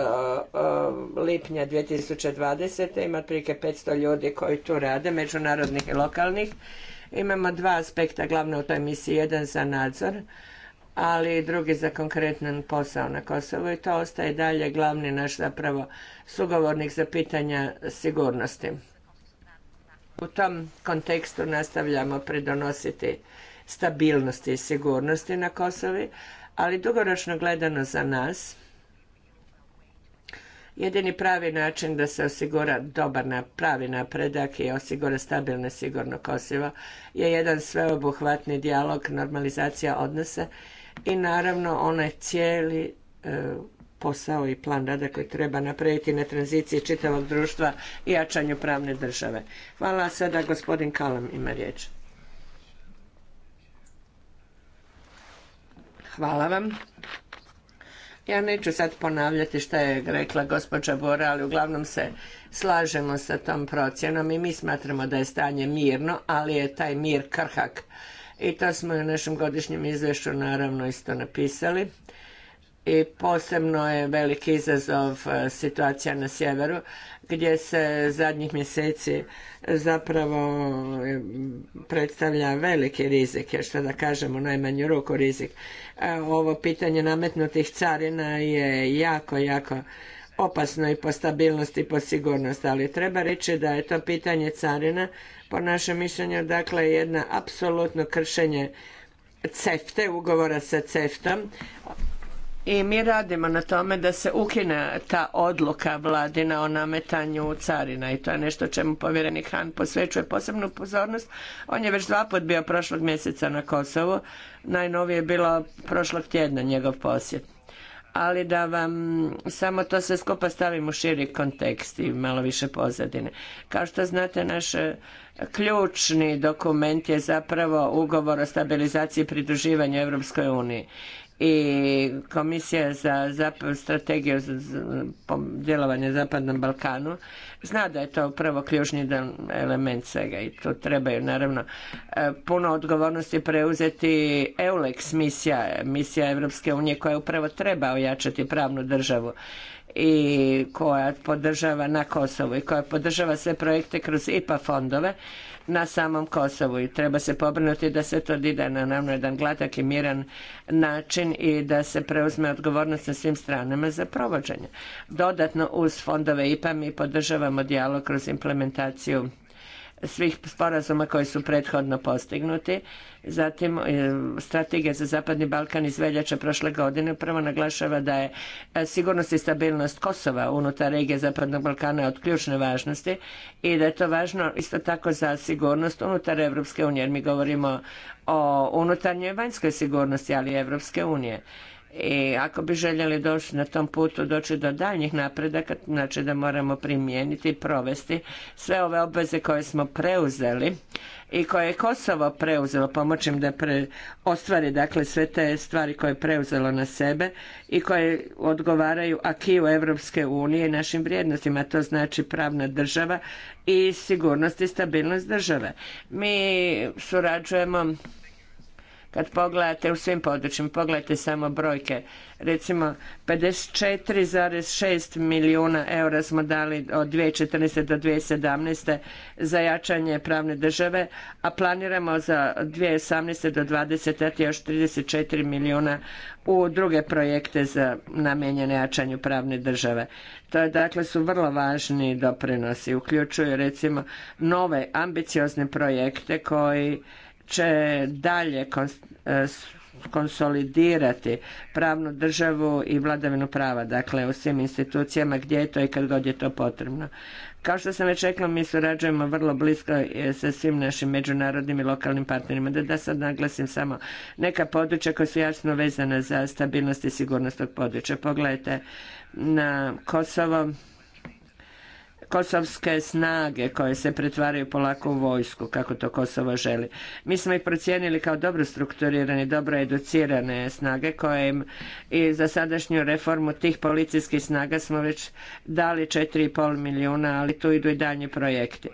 lipnja 2020. Ima otprilike 500 ljudi koji tu rade, međunarodnih i lokalnih. Imamo dva aspekta glavno u toj misiji, jedan za nadzor, ali i drugi za konkretan posao na Kosovu i to ostaje dalje glavni naš zapravo sugovornik za pitanja sigurnosti. U tom kontekstu nastavljamo pridonositi stabilnosti i sigurnosti na Kosovi, ali dugoročno gledano za nas jedini pravi način da se osigura dobar na pravi napredak i osigura stabilno sigurno Kosovo je jedan sveobuhvatni dijalog, normalizacija odnosa i naravno onaj cijeli e, posao i plan rada koji treba napraviti na tranziciji čitavog društva i jačanju pravne države. Hvala sada gospodin Kalam ima riječ. Hvala vam. Ja neću sad ponavljati što je rekla gospođa Bora, ali uglavnom se slažemo sa tom procjenom i mi smatramo da je stanje mirno, ali je taj mir krhak. I to smo i u našem godišnjem izvješću naravno isto napisali i posebno je veliki izazov e, situacija na sjeveru gdje se zadnjih mjeseci zapravo e, predstavlja veliki rizik, jer što da kažemo najmanju ruku rizik. E, ovo pitanje nametnutih carina je jako, jako opasno i po stabilnosti i po sigurnosti. ali treba reći da je to pitanje carina po našem mišljenju dakle jedna apsolutno kršenje CEFTE, ugovora sa CEFTom i mi radimo na tome da se ukine ta odluka vladina o nametanju carina i to je nešto čemu povjerenik Han posvećuje posebnu pozornost. On je već dva puta bio prošlog mjeseca na Kosovu, najnovije je bilo prošlog tjedna njegov posjet. Ali da vam samo to sve skupa stavim u širi kontekst i malo više pozadine. Kao što znate, naš ključni dokument je zapravo ugovor o stabilizaciji i pridruživanju Europskoj uniji i Komisija za strategiju za djelovanje Zapadnom Balkanu zna da je to upravo ključni element svega i to trebaju naravno e, puno odgovornosti preuzeti EULEX misija, misija Europske unije koja upravo treba ojačati pravnu državu i koja podržava na Kosovu i koja podržava sve projekte kroz IPA fondove na samom Kosovu i treba se pobrinuti da se to ide na naravno jedan glatak i miran način i da se preuzme odgovornost na svim stranama za provođenje. Dodatno uz fondove IPA mi podržavamo dijalog kroz implementaciju svih sporazuma koji su prethodno postignuti. Zatim, e, strategija za Zapadni Balkan iz veljače prošle godine prvo naglašava da je e, sigurnost i stabilnost Kosova unutar regije Zapadnog Balkana od ključne važnosti i da je to važno isto tako za sigurnost unutar Evropske unije, jer mi govorimo o unutarnjoj vanjskoj sigurnosti, ali i Evropske unije. I ako bi željeli doći na tom putu doći do daljnjih napredaka, znači da moramo primijeniti i provesti sve ove obveze koje smo preuzeli i koje je Kosovo preuzelo, pomoći da ostvari dakle sve te stvari koje je preuzelo na sebe i koje odgovaraju akiju Evropske unije i našim vrijednostima, to znači pravna država i sigurnost i stabilnost države. Mi surađujemo kad pogledate u svim područjima, pogledajte samo brojke. Recimo 54,6 milijuna eura smo dali od 2014. do 2017. za jačanje pravne države, a planiramo za 2018. do 2020. još 34 milijuna u druge projekte za namenjene jačanju pravne države. To je dakle su vrlo važni doprinosi, uključuju recimo nove ambiciozne projekte koji će dalje e, konsolidirati pravnu državu i vladavinu prava, dakle u svim institucijama gdje je to i kad god je to potrebno. Kao što sam već rekla, mi surađujemo vrlo blisko e, sa svim našim međunarodnim i lokalnim partnerima. Da, da sad naglasim samo neka područja koja su jasno vezana za stabilnost i sigurnost tog područja. Pogledajte na Kosovo, kosovske snage koje se pretvaraju polako u vojsku, kako to Kosovo želi. Mi smo ih procijenili kao dobro strukturirane, dobro educirane snage koje im i za sadašnju reformu tih policijskih snaga smo već dali 4,5 milijuna, ali tu idu i daljnji projekti.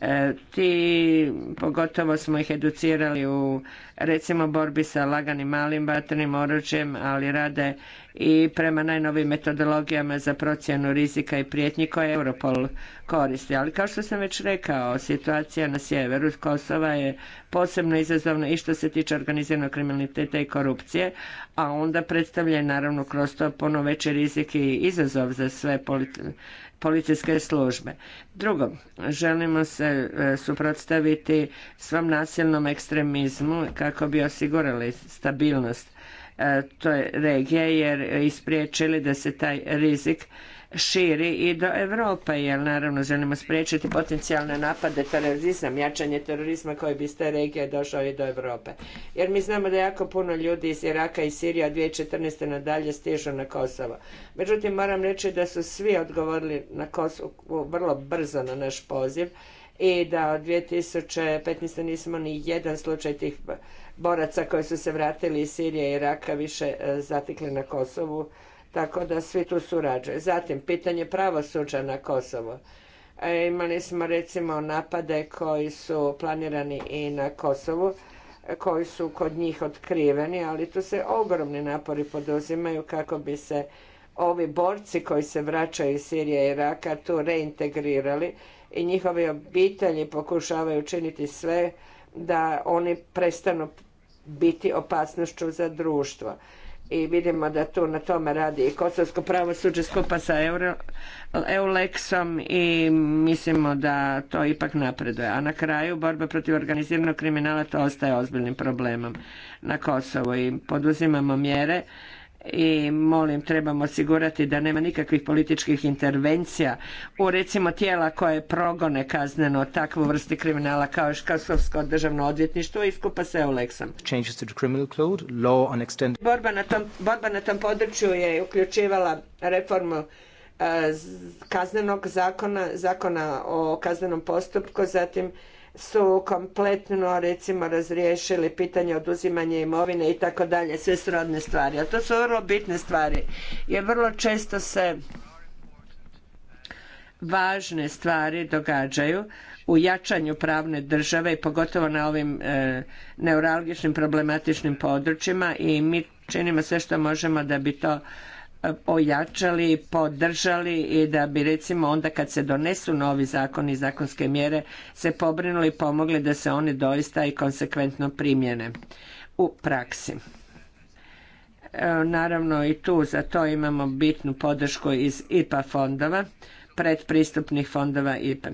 E, ti, pogotovo smo ih educirali u recimo borbi sa laganim malim vatrenim oružjem, ali rade i prema najnovim metodologijama za procjenu rizika i prijetnji koje Europol koristi. Ali kao što sam već rekao, situacija na sjeveru Kosova je posebno izazovna i što se tiče organiziranog kriminaliteta i korupcije, a onda predstavlja naravno kroz to puno veći rizik i izazov za sve politi policijske službe. Drugo, želimo se e, suprotstaviti svom nasilnom ekstremizmu kako bi osigurali stabilnost e, to regije jer e, ispriječili da se taj rizik širi i do Europe, jer naravno želimo spriječiti potencijalne napade terorizam, jačanje terorizma koji bi iz te regije došao i do Europe. Jer mi znamo da jako puno ljudi iz Iraka i Sirije od 2014. nadalje stižu na Kosovo. Međutim, moram reći da su svi odgovorili na Kosovo vrlo brzo na naš poziv i da od 2015. nismo ni jedan slučaj tih boraca koji su se vratili iz Sirije i Iraka više e, zatekli na Kosovu tako da svi tu surađuju. Zatim, pitanje pravosuđa na Kosovo. E, imali smo recimo napade koji su planirani i na Kosovu, koji su kod njih otkriveni, ali tu se ogromni napori poduzimaju kako bi se ovi borci koji se vraćaju iz Sirije i Iraka tu reintegrirali i njihove obitelji pokušavaju učiniti sve da oni prestanu biti opasnošću za društvo i vidimo da tu na tome radi i kosovsko pravosuđe skupa sa Euro, Eulexom i mislimo da to ipak napreduje. A na kraju borba protiv organiziranog kriminala to ostaje ozbiljnim problemom na Kosovu i poduzimamo mjere i molim trebamo osigurati da nema nikakvih političkih intervencija u recimo tijela koje progone kazneno takvu vrsti kriminala kao škasovsko državno odvjetništvo i skupa se u Borba na, borba na tom području je uključivala reformu e, kaznenog zakona, zakona o kaznenom postupku, zatim su kompletno recimo razriješili pitanje oduzimanja imovine i tako dalje, sve srodne stvari. A to su vrlo bitne stvari jer vrlo često se važne stvari događaju u jačanju pravne države i pogotovo na ovim e, neuralgičnim problematičnim područjima i mi činimo sve što možemo da bi to ojačali, podržali i da bi recimo onda kad se donesu novi zakoni i zakonske mjere se pobrinuli i pomogli da se one doista i konsekventno primjene u praksi. E, naravno i tu za to imamo bitnu podršku iz IPA fondova, predpristupnih fondova IPA.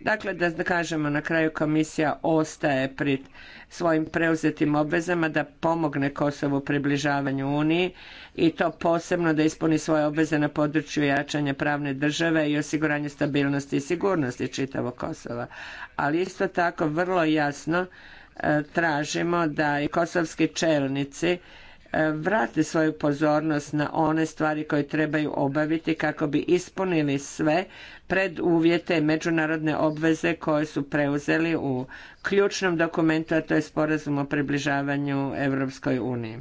Dakle, da kažemo na kraju komisija ostaje pri svojim preuzetim obvezama da pomogne Kosovu približavanju Uniji i to posebno da ispuni svoje obveze na području jačanja pravne države i osiguranja stabilnosti i sigurnosti čitavog Kosova. Ali isto tako vrlo jasno e, tražimo da i kosovski čelnici vrate svoju pozornost na one stvari koje trebaju obaviti kako bi ispunili sve preduvjete i međunarodne obveze koje su preuzeli u ključnom dokumentu, a to je sporazum o približavanju Europskoj uniji.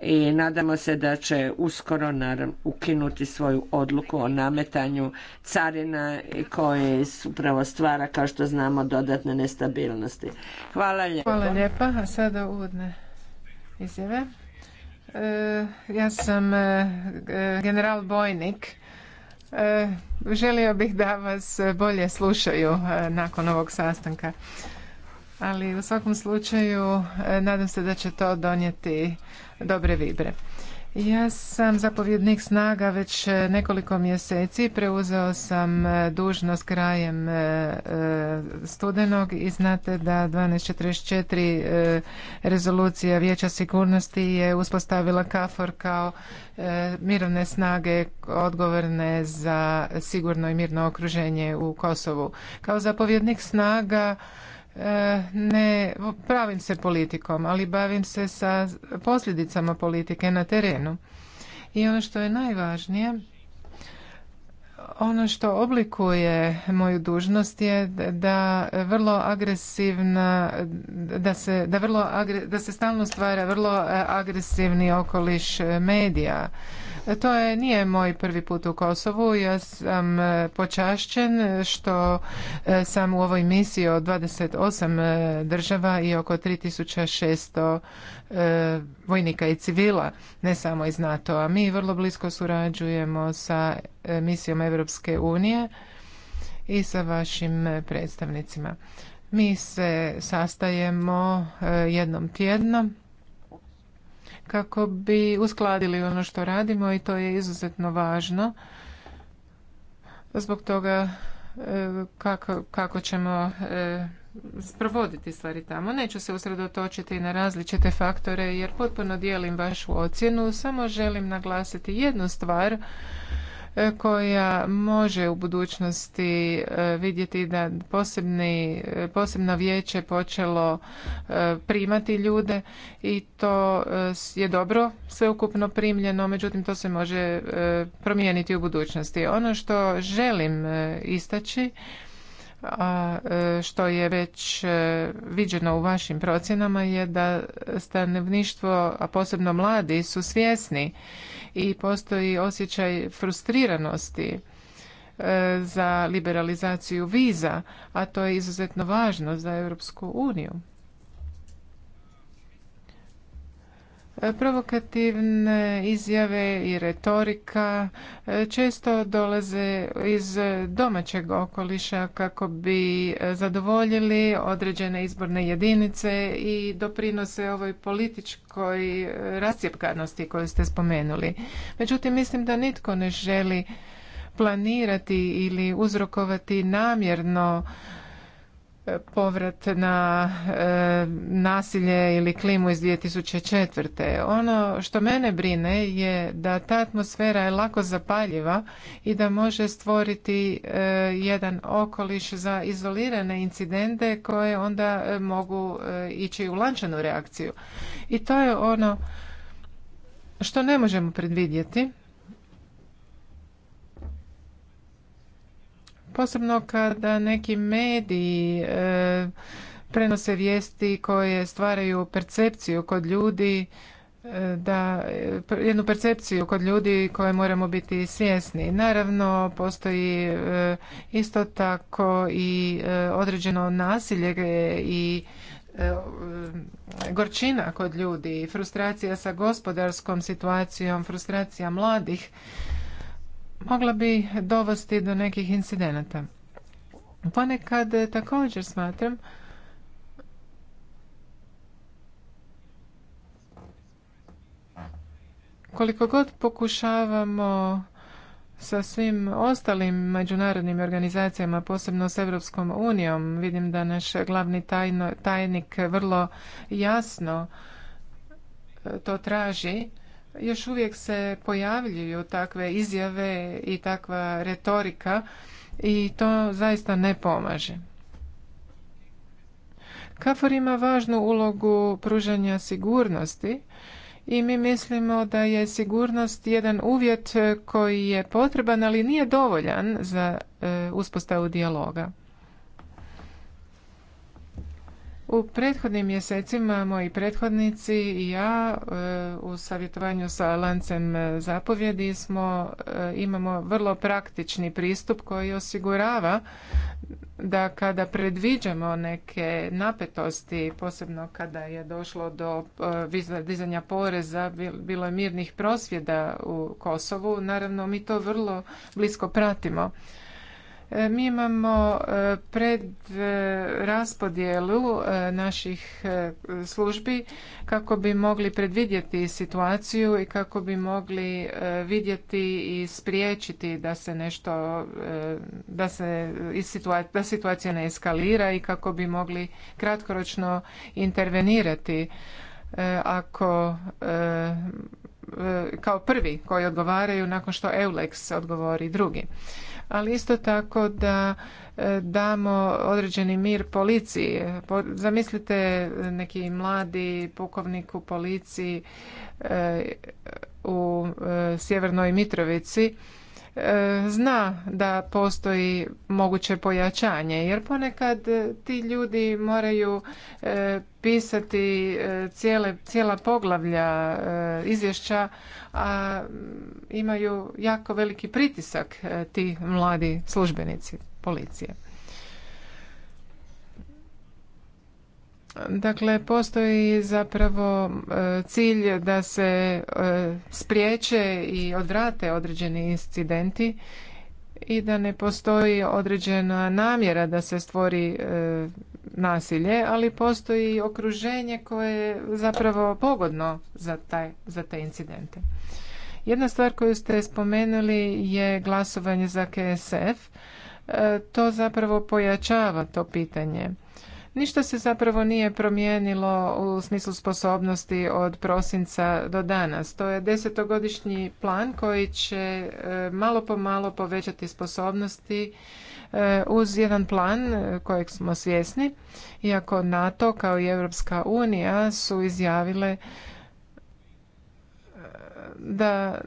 I nadamo se da će uskoro naravno ukinuti svoju odluku o nametanju carina koje upravo stvara kao što znamo dodatne nestabilnosti. Hvala lijepo. Hvala lijepa. sada uvodne izjave. E, ja sam e, general Bojnik. E, želio bih da vas bolje slušaju nakon ovog sastanka. Ali u svakom slučaju nadam se da će to donijeti dobre vibre. Ja sam zapovjednik snaga već e, nekoliko mjeseci. Preuzeo sam e, dužnost krajem e, studenog i znate da 1244 rezolucija Vijeća sigurnosti je uspostavila KFOR kao mirovne snage odgovorne za sigurno i mirno okruženje u Kosovu. Kao zapovjednik snaga E, ne pravim se politikom, ali bavim se sa posljedicama politike na terenu. I ono što je najvažnije, ono što oblikuje moju dužnost je da vrlo agresivna, da se, da vrlo, da se stalno stvara vrlo e, agresivni okoliš medija. To je, nije moj prvi put u Kosovu. Ja sam e, počašćen što e, sam u ovoj misiji od 28 država i oko 3600 E, vojnika i civila, ne samo iz NATO-a. Mi vrlo blisko surađujemo sa e, misijom Europske unije i sa vašim predstavnicima. Mi se sastajemo e, jednom tjedno kako bi uskladili ono što radimo i to je izuzetno važno zbog toga kako, kako ćemo sprovoditi stvari tamo. Neću se usredotočiti na različite faktore jer potpuno dijelim vašu ocjenu. Samo želim naglasiti jednu stvar e, koja može u budućnosti e, vidjeti da posebni, e, posebno vijeće počelo primati ljude i to je dobro sveukupno primljeno, međutim to se može promijeniti u budućnosti. Ono što želim istaći a e, što je već e, viđeno u vašim procjenama je da stanovništvo, a posebno mladi, su svjesni i postoji osjećaj frustriranosti e, za liberalizaciju viza, a to je izuzetno važno za Europsku uniju. Provokativne izjave i retorika e, često dolaze iz domaćeg okoliša kako bi e, zadovoljili određene izborne jedinice i doprinose ovoj političkoj e, rascjepkanosti koju ste spomenuli. Međutim, mislim da nitko ne želi planirati ili uzrokovati namjerno povrat na e, nasilje ili klimu iz 2004. Ono što mene brine je da ta atmosfera je lako zapaljiva i da može stvoriti e, jedan okoliš za izolirane incidente koje onda e, mogu ići u lančanu reakciju. I to je ono što ne možemo predvidjeti Posebno kada neki mediji e, prenose vijesti koje stvaraju percepciju kod ljudi e, da e, jednu percepciju kod ljudi koje moramo biti svjesni. Naravno, postoji isto tako i određeno nasilje i gorčina kod ljudi, frustracija sa gospodarskom situacijom, frustracija mladih mogla bi dovesti do nekih incidenata. Ponekad e, također smatram koliko god pokušavamo sa svim ostalim međunarodnim organizacijama, posebno s Europskom unijom, vidim da naš glavni tajnik vrlo jasno e, to traži, još uvijek se pojavljuju takve izjave i takva retorika i to zaista ne pomaže. Kafor ima važnu ulogu pružanja sigurnosti i mi mislimo da je sigurnost jedan uvjet koji je potreban, ali nije dovoljan za e, uspostavu dijaloga. U prethodnim mjesecima moji prethodnici i ja e, u savjetovanju sa lancem zapovjedi smo e, imamo vrlo praktični pristup koji osigurava da kada predviđamo neke napetosti, posebno kada je došlo do e, dizanja poreza, bilo je mirnih prosvjeda u Kosovu, naravno mi to vrlo blisko pratimo. E, mi imamo e, pred e, raspodjelu naših službi kako bi mogli predvidjeti situaciju i kako bi mogli vidjeti i spriječiti da se nešto, da se da situacija ne eskalira i kako bi mogli kratkoročno intervenirati ako kao prvi koji odgovaraju nakon što Eulex odgovori drugi ali isto tako da e, damo određeni mir policiji. Zamislite neki mladi pukovnik u policiji e, u e, Sjevernoj Mitrovici E, zna da postoji moguće pojačanje jer ponekad ti ljudi moraju e, pisati e, cijele, cijela poglavlja izvješća a imaju jako veliki pritisak ti mladi službenici policije Dakle, postoji zapravo e, cilj da se e, spriječe i odvrate određeni incidenti i da ne postoji određena namjera da se stvori e, nasilje, ali postoji okruženje koje je zapravo pogodno za, taj, za te incidente. Jedna stvar koju ste spomenuli je glasovanje za KSF. To zapravo pojačava to pitanje. Ništa se zapravo nije promijenilo u smislu sposobnosti od prosinca do danas. To je desetogodišnji plan koji će e, malo po malo povećati sposobnosti e, uz jedan plan kojeg smo svjesni, iako NATO kao i Europska unija su izjavile da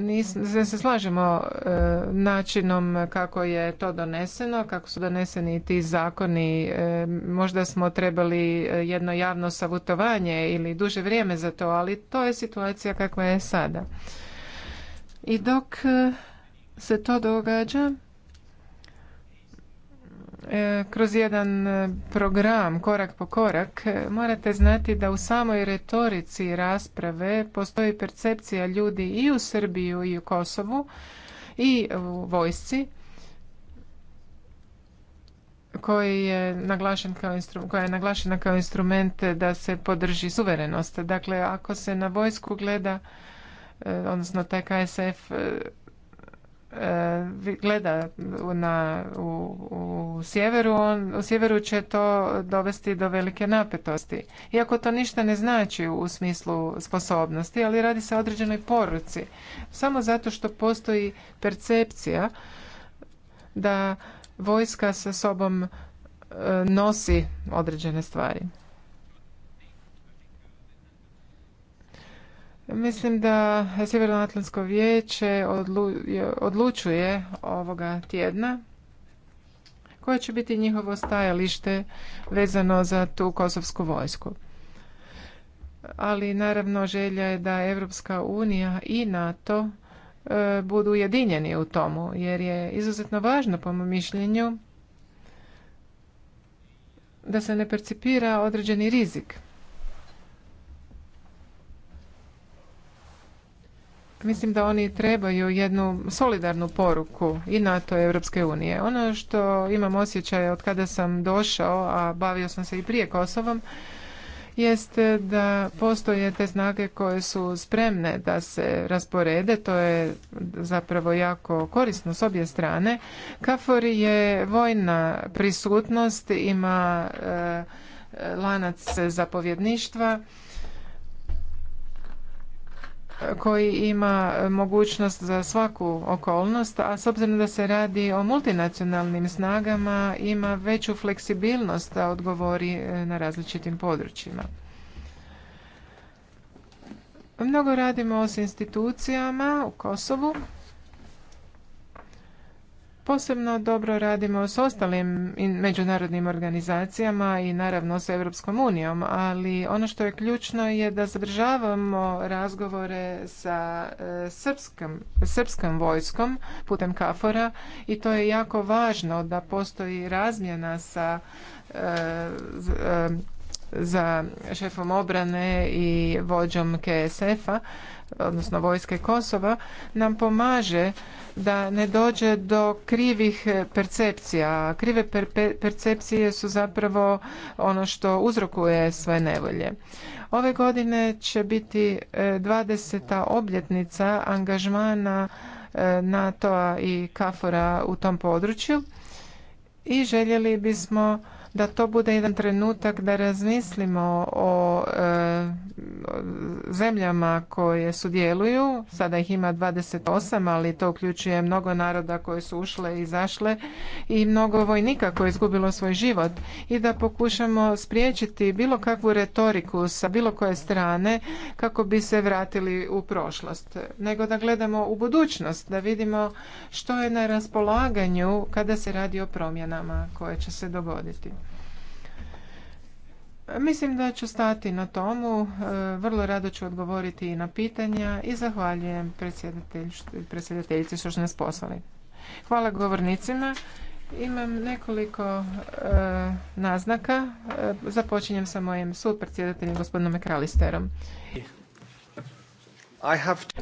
nis, se slažemo e, načinom kako je to doneseno, kako su doneseni ti zakoni. E, možda smo trebali e, jedno javno savutovanje ili duže vrijeme za to, ali to je situacija kakva je sada. I dok se to događa, E, kroz jedan e, program korak po korak e, morate znati da u samoj retorici rasprave postoji percepcija ljudi i u Srbiju i u Kosovu i u vojsci koji je naglašen kao koja je naglašena kao instrument da se podrži suverenost. Dakle, ako se na vojsku gleda, odnosno taj KSF E, gleda na, u, u, sjeveru, u sjeveru će to dovesti do velike napetosti. Iako to ništa ne znači u smislu sposobnosti, ali radi se o određenoj poruci. Samo zato što postoji percepcija da vojska sa sobom e, nosi određene stvari. Mislim da Sjevernoatlantsko vijeće odlučuje ovoga tjedna koje će biti njihovo stajalište vezano za tu kosovsku vojsku. Ali naravno želja je da Europska unija i NATO e, budu ujedinjeni u tomu jer je izuzetno važno po mom mišljenju da se ne percipira određeni rizik. Mislim da oni trebaju jednu solidarnu poruku i NATO i Europske unije. Ono što imam osjećaj od kada sam došao, a bavio sam se i prije Kosovom, jest da postoje te snage koje su spremne da se rasporede, to je zapravo jako korisno s obje strane. Kafor je vojna prisutnost, ima e, lanac zapovjedništva, koji ima mogućnost za svaku okolnost, a s obzirom da se radi o multinacionalnim snagama, ima veću fleksibilnost da odgovori e, na različitim područjima. Mnogo radimo s institucijama u Kosovu. Posebno dobro radimo s ostalim međunarodnim organizacijama i naravno s Europskom unijom, ali ono što je ključno je da zadržavamo razgovore sa e, srpskom, srpskom vojskom putem kafora i to je jako važno da postoji razmjena sa e, e, za šefom obrane i vođom KSF-a, odnosno vojske Kosova, nam pomaže da ne dođe do krivih percepcija. Krive percepcije su zapravo ono što uzrokuje svoje nevolje. Ove godine će biti 20. E, obljetnica angažmana e, NATO-a i Kafora u tom području i željeli bismo da to bude jedan trenutak da razmislimo o e, zemljama koje sudjeluju. Sada ih ima 28, ali to uključuje mnogo naroda koje su ušle i izašle i mnogo vojnika koje je izgubilo svoj život i da pokušamo spriječiti bilo kakvu retoriku sa bilo koje strane kako bi se vratili u prošlost, nego da gledamo u budućnost, da vidimo što je na raspolaganju kada se radi o promjenama koje će se dogoditi. Mislim da ću stati na tomu. E, vrlo rado ću odgovoriti i na pitanja i zahvaljujem predsjedateljici što su nas poslali. Hvala govornicima. Imam nekoliko e, naznaka. E, započinjem sa mojim supredsjedateljem gospodinom Ekralisterom.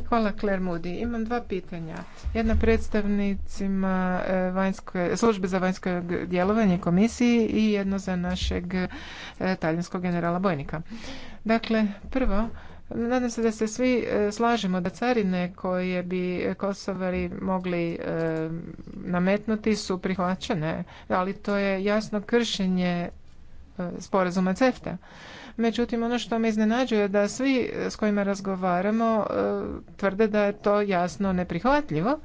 Hvala Claire Moody. Imam dva pitanja. Jedna predstavnicima e, službe za vanjsko djelovanje komisiji i jedno za našeg e, talijanskog generala Bojnika. Dakle, prvo, Nadam se da se svi e, slažemo da carine koje bi Kosovari mogli nametnuti su prihvaćene, ali to je jasno kršenje sporazuma CEFTA. Međutim, ono što me iznenađuje da svi s kojima razgovaramo e, tvrde da je to jasno neprihvatljivo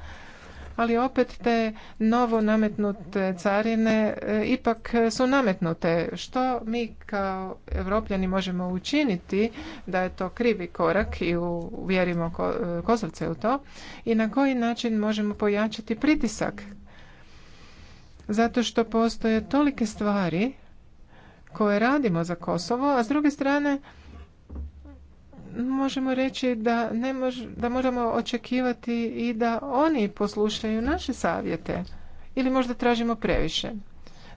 ali opet te novo nametnute carine e, ipak su nametnute. Što mi kao evropljani možemo učiniti da je to krivi korak i uvjerimo Kozovce e, u to i na koji način možemo pojačati pritisak? Zato što postoje tolike stvari koje radimo za Kosovo, a s druge strane možemo reći da, ne mož, da moramo očekivati i da oni poslušaju naše savjete ili možda tražimo previše.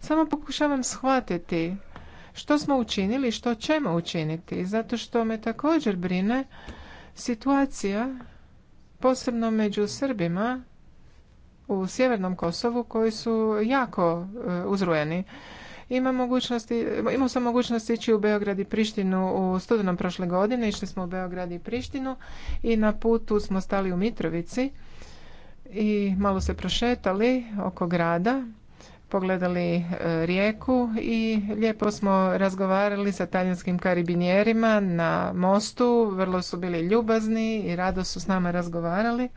Samo pokušavam shvatiti što smo učinili, što ćemo učiniti, zato što me također brine situacija, posebno među Srbima u sjevernom Kosovu, koji su jako e, uzrujeni. Ima mogućnosti, imao sam mogućnost ići u Beograd i Prištinu u studenom prošle godine. Išli smo u Beograd i Prištinu i na putu smo stali u Mitrovici i malo se prošetali oko grada pogledali e, rijeku i lijepo smo razgovarali sa talijanskim karibinjerima na mostu, vrlo su bili ljubazni i rado su s nama razgovarali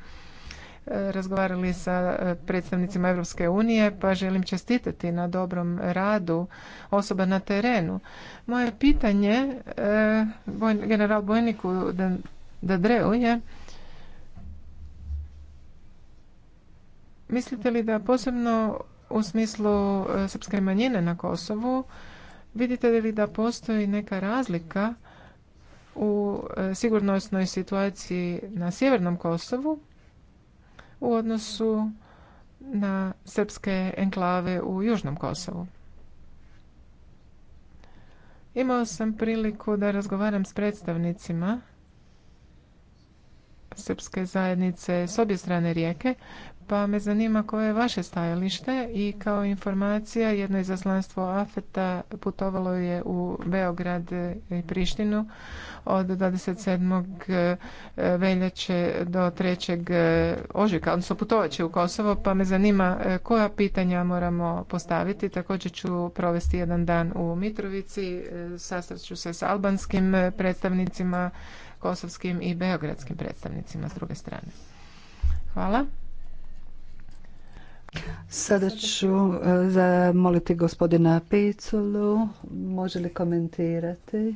razgovarali sa e, predstavnicima Europske unije, pa želim čestitati na dobrom radu osoba na terenu. Moje pitanje e, general Bojniku Dadreu je mislite li da posebno u smislu e, srpske manjine na Kosovu vidite li da postoji neka razlika u sigurnosnoj situaciji na sjevernom Kosovu u odnosu na srpske enklave u Južnom Kosovu. Imao sam priliku da razgovaram s predstavnicima srpske zajednice s obje strane rijeke, pa me zanima koje je vaše stajalište i kao informacija jedno izaslanstvo AFETA putovalo je u Beograd i Prištinu od 27. Eh, veljače do 3. Eh, ožujka, odnosno putovat će u Kosovo, pa me zanima eh, koja pitanja moramo postaviti. Također ću provesti jedan dan u Mitrovici, sastat ću se s albanskim predstavnicima kosovskim i beogradskim predstavnicima s druge strane. Hvala. Sada ću e, zamoliti gospodina Piculu, može li komentirati?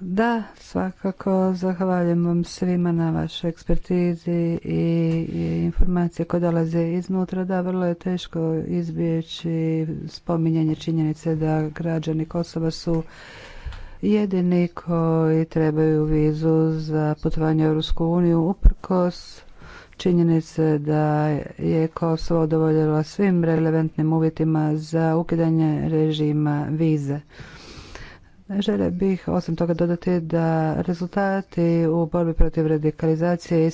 Da, svakako zahvaljujem vam svima na vašoj ekspertizi i informacije koje dolaze iznutra. Da, vrlo je teško izbjeći spominjanje činjenice da građani Kosova su jedini koji trebaju vizu za putovanje u Europsku uniju uprkos činjenice da je Kosovo dovoljilo svim relevantnim uvjetima za ukidanje režima vize. Žele bih osim toga dodati da rezultati u borbi protiv radikalizacije i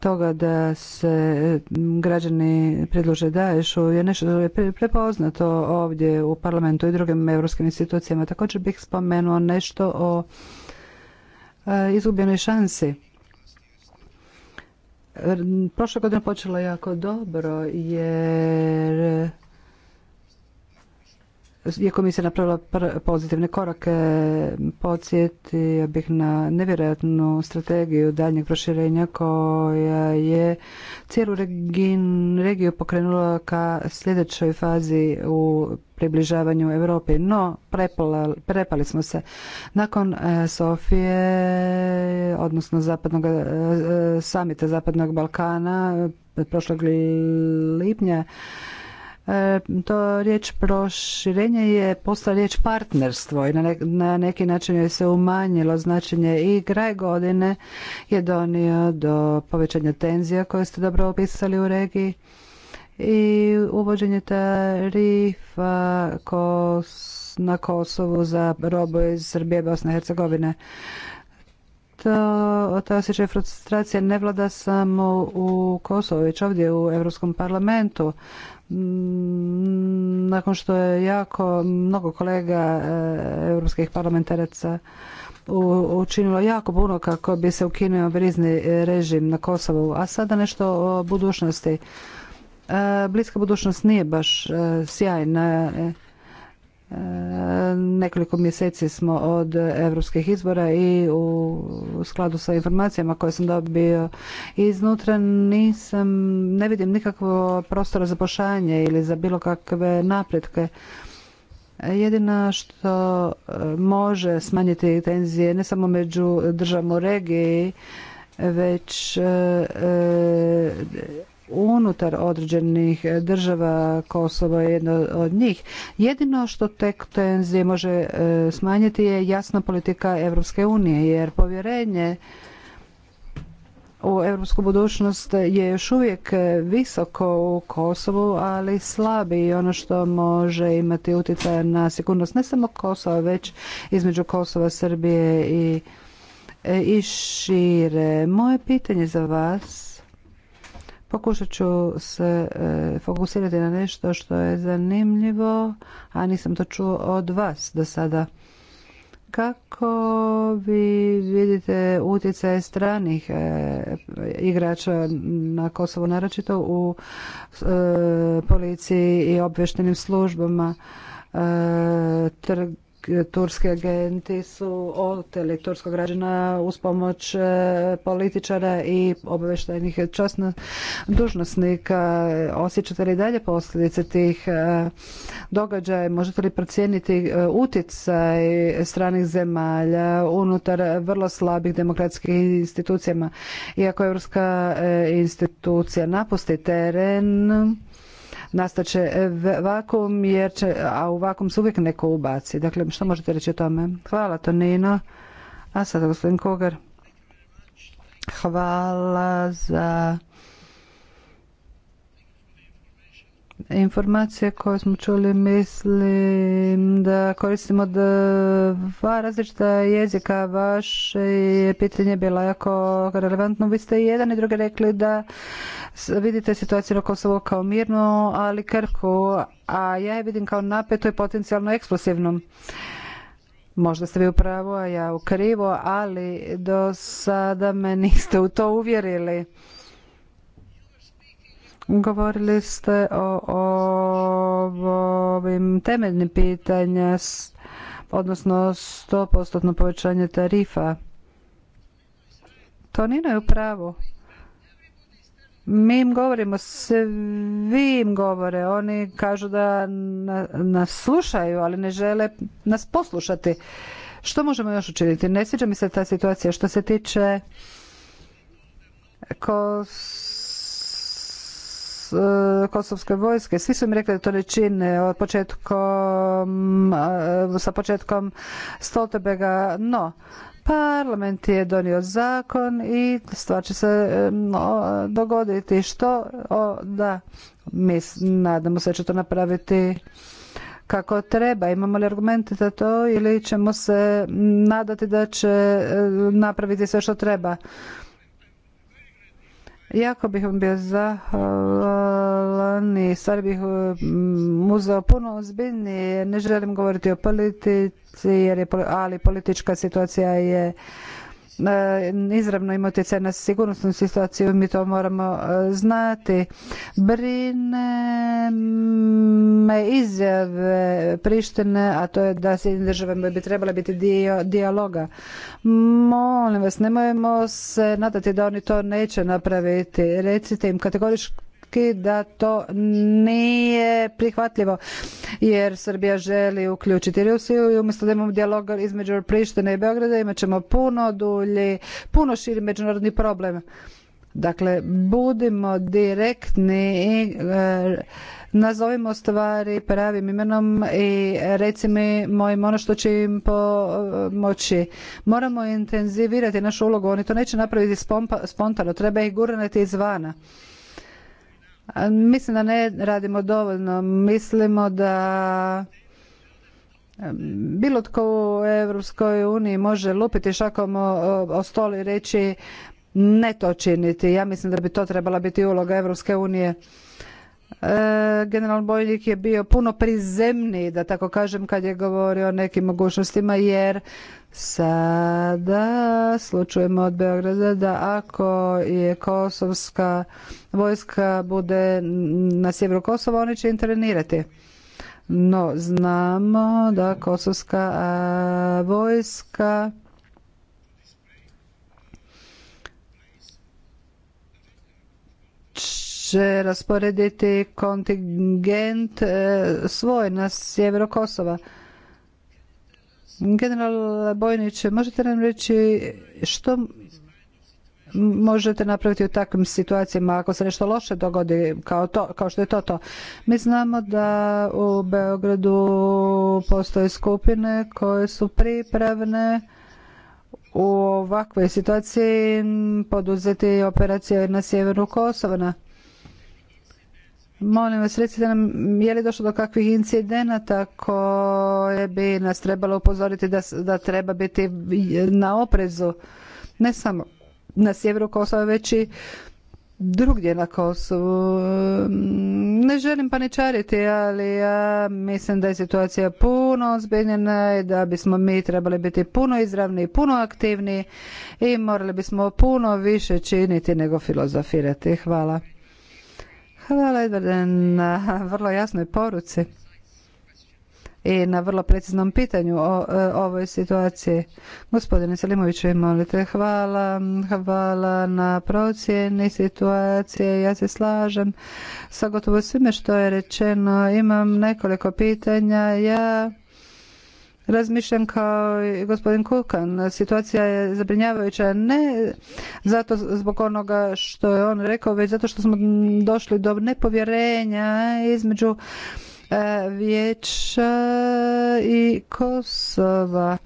toga da se građani predlože Daješu je nešto što je prepoznato ovdje u parlamentu i drugim europskim institucijama. Također bih spomenuo nešto o e, izgubljenoj šansi. Prošle godine počelo jako dobro jer je se napravila pozitivne korake. Podsjetio bih na nevjerojatnu strategiju daljnjeg proširenja koja je cijelu regiju pokrenula ka sljedećoj fazi u približavanju Europi. No, prepali smo se. Nakon e, Sofije, odnosno zapadnog, e, e, samita Zapadnog Balkana, prošlog lipnja, E, to riječ proširenje je postala riječ partnerstvo i na neki način joj se umanjilo značenje i kraj godine je donio do povećanja tenzija koje ste dobro opisali u regiji i uvođenje tarifa na Kosovu za robu iz Srbije, Bosne i Hercegovine to, ta osjećaj frustracije ne vlada samo u Kosovu, već ovdje u Europskom parlamentu. Mm, nakon što je jako mnogo kolega eh, europskih parlamentaraca učinilo jako puno kako bi se ukinuo vrizni režim na Kosovu, a sada nešto o budućnosti. Eh, bliska budućnost nije baš eh, sjajna E, nekoliko mjeseci smo od europskih izbora i u skladu sa informacijama koje sam dobio iznutra nisam, ne vidim nikakvo prostora za pošanje ili za bilo kakve napretke. Jedino što e, može smanjiti tenzije ne samo među državom u regiji, već e, unutar određenih država Kosova je jedna od njih. Jedino što tek tenzije može e, smanjiti je jasna politika Europske unije jer povjerenje u europsku budućnost je još uvijek visoko u Kosovu, ali slabi i ono što može imati utjecaj na sigurnost ne samo Kosova, već između Kosova, Srbije i e, šire. Moje pitanje za vas Pokušat ću se e, fokusirati na nešto što je zanimljivo, a nisam to čuo od vas do sada. Kako vi vidite utjecaj stranih e, igrača na Kosovo, naročito u e, policiji i obveštenim službama? Trg turski agenti su oteli turskog građana uz pomoć e, političara i obavještajnih časno dužnosnika. Osjećate li dalje posljedice tih e, događaja? Možete li procijeniti e, utjecaj stranih zemalja unutar vrlo slabih demokratskih institucijama? Iako Evropska institucija napusti teren, nastat će vakum, jer će, a u vakum se uvijek neko ubaci. Dakle, što možete reći o tome? Hvala Tonino. A sada gospodin Kogar. Hvala za informacije koje smo čuli mislim da koristimo dva različita jezika. Vaše je pitanje bilo jako relevantno. Vi ste i jedan i drugi rekli da vidite situaciju na Kosovo kao mirnu, ali krku, a ja je vidim kao napetu i potencijalno eksplosivnu Možda ste vi u pravu, a ja u krivo, ali do sada me niste u to uvjerili. Govorili ste o, ovim temeljnim pitanja, odnosno postotno povećanje tarifa. To nije u pravu. Mi im govorimo, svi im govore. Oni kažu da nas slušaju, ali ne žele nas poslušati. Što možemo još učiniti? Ne sviđa mi se ta situacija. Što se tiče kos E, kosovske vojske. Svi su mi rekli da to ne čine od početkom, e, sa početkom Stoltebega, no parlament je donio zakon i stvar će se e, dogoditi. Što? O, da, mi nadamo se će to napraviti kako treba. Imamo li argumente za to ili ćemo se nadati da će napraviti sve što treba? Jako bih vam bio zahvalan i stvari bih mm, zao puno ozbiljnije. Ne želim govoriti o politici, jer ali politička situacija je E, izravno ima utjecaj na sigurnosnu situaciju, mi to moramo e, znati. Brine me izjave Prištine, a to je da se države bi trebala biti dio dijaloga. Molim vas, nemojmo se nadati da oni to neće napraviti. Recite im kategorički da to nije prihvatljivo jer Srbija želi uključiti Rusiju i umjesto da imamo dijalog između Prištine i Beograda imat ćemo puno dulji, puno širi međunarodni problem. Dakle, budimo direktni i e, nazovimo stvari pravim imenom i recimo mojim ono što će im pomoći. E, Moramo intenzivirati našu ulogu, oni to neće napraviti spontano, treba ih gurnuti izvana. Mislim da ne radimo dovoljno. Mislimo da bilo tko u Europskoj uniji može lupiti šakom o, o stol i reći ne to činiti. Ja mislim da bi to trebala biti uloga Europske unije. E, general Bojnik je bio puno prizemniji, da tako kažem, kad je govorio o nekim mogućnostima, jer Sada slučujemo od Beograda da ako je kosovska vojska bude na sjeveru Kosova, oni će intervenirati No, znamo da kosovska vojska će rasporediti kontingent e, svoj na sjeveru Kosova General Bojnić, možete nam reći što možete napraviti u takvim situacijama ako se nešto loše dogodi kao, to, kao što je to to. Mi znamo da u Beogradu postoje skupine koje su pripravne u ovakvoj situaciji poduzeti operacije na sjeveru Kosova Molim vas, recite nam je li došlo do kakvih incidenata koje bi nas trebalo upozoriti da, da treba biti na oprezu, ne samo na sjeveru Kosova, već i drugdje na Kosovu. Ne želim paničariti, ali ja mislim da je situacija puno ozbiljena i da bismo mi trebali biti puno izravni i puno aktivni i morali bismo puno više činiti nego filozofirati. Hvala. Hvala Edvarde na vrlo jasnoj poruci i na vrlo preciznom pitanju o e, ovoj situaciji. Gospodine Selimoviću, molite, hvala, hvala na procjeni situacije, ja se slažem sa gotovo svime što je rečeno. Imam nekoliko pitanja, ja razmišljam kao i gospodin Kulkan, Situacija je zabrinjavajuća ne zato zbog onoga što je on rekao, već zato što smo došli do nepovjerenja između e, vijeća i Kosova.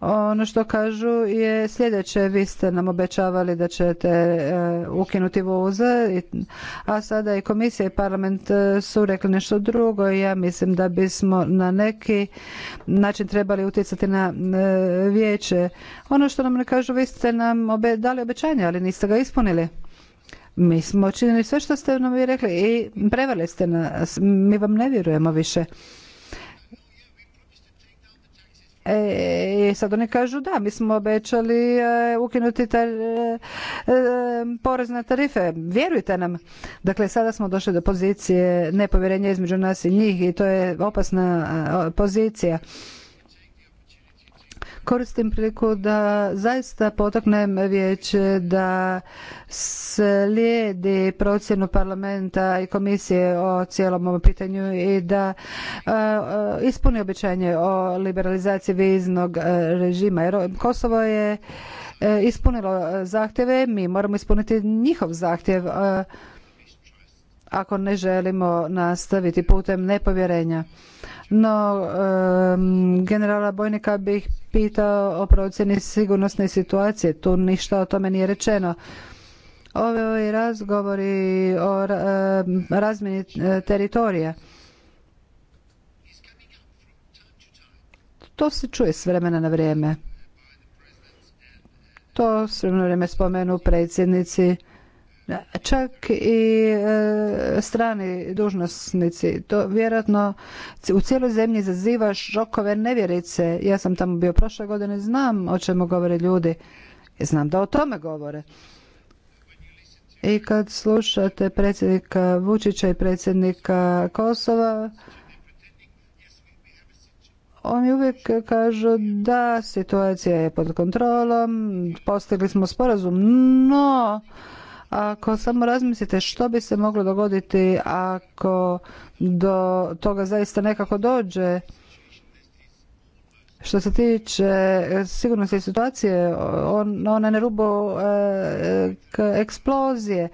Ono što kažu je sljedeće, vi ste nam obećavali da ćete e, ukinuti voze, a sada i komisija i parlament e, su rekli nešto drugo i ja mislim da bismo na neki način trebali utjecati na e, vijeće. Ono što nam ne kažu, vi ste nam obe, dali obećanje, ali niste ga ispunili. Mi smo činili sve što ste nam vi rekli i prevali ste nas. Mi vam ne vjerujemo više. E, I sad oni kažu da, mi smo obećali e, ukinuti tar, e, porezne tarife. Vjerujte nam. Dakle, sada smo došli do pozicije nepovjerenja između nas i njih i to je opasna pozicija. Koristim priliku da zaista potaknem vijeće da slijedi procjenu parlamenta i komisije o cijelom ovom pitanju i da e, e, ispuni obećanje o liberalizaciji viznog e, režima. Jer Kosovo je ispunilo zahtjeve, mi moramo ispuniti njihov zahtjev ako ne želimo nastaviti putem nepovjerenja. No, generala Bojnika bih pitao o procjeni sigurnosne situacije. Tu ništa o tome nije rečeno. Ovi razgovori o razmjeni e, teritorija. To se čuje s vremena na vrijeme. To s vremena vrijeme spomenu predsjednici čak i e, strani dužnosnici. To vjerojatno u cijeloj zemlji zaziva šokove nevjerice. Ja sam tamo bio prošle godine, znam o čemu govore ljudi. Znam da o tome govore. I kad slušate predsjednika Vučića i predsjednika Kosova, oni uvijek kažu da situacija je pod kontrolom, postigli smo sporazum, no ako samo razmislite što bi se moglo dogoditi ako do toga zaista nekako dođe, što se tiče sigurnosti situacije, on, ona je na rubu e, e, eksplozije.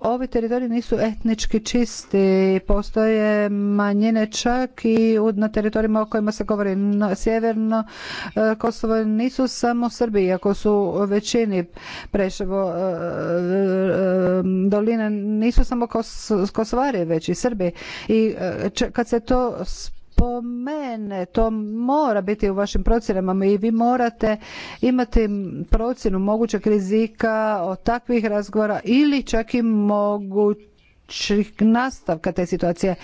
Ovi teritoriji nisu etnički čisti, postoje manjine čak i na teritorijima o kojima se govori sjeverno e, Kosovo nisu samo Srbi, iako su u većini Preševo e, e, dolina nisu samo Kosovari, već i Srbi. I kad se to po mene To mora biti u vašim procjenama i vi morate imati procjenu mogućeg rizika od takvih razgovora ili čak i mogućeg mogućih nastavka te situacije.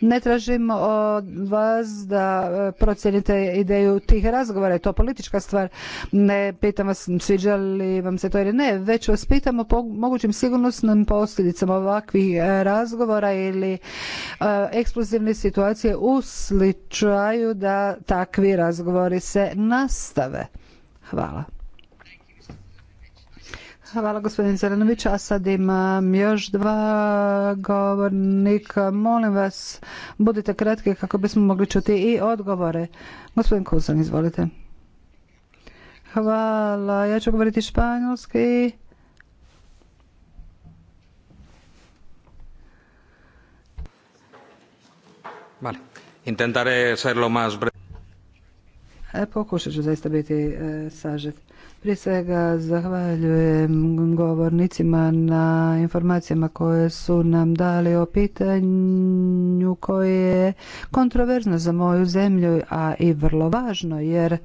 Ne tražim od vas da e, procijenite ideju tih razgovora, je to politička stvar. Ne pitam vas sviđa li vam se to ili ne, već vas pitam o mogućim sigurnosnim posljedicama ovakvih e, razgovora ili e, eksplozivne situacije u slučaju da takvi razgovori se nastave. Hvala. Hvala gospodin Zelenović, a sad imam još dva govornika. Molim vas, budite kratki kako bismo mogli čuti i odgovore. Gospodin Kuzan, izvolite. Hvala, ja ću govoriti španjolski. Vale. más E, pokušat ću zaista biti e, prije svega zahvaljujem govornicima na informacijama koje su nam dali o pitanju koje je kontroverzno za moju zemlju, a i vrlo važno jer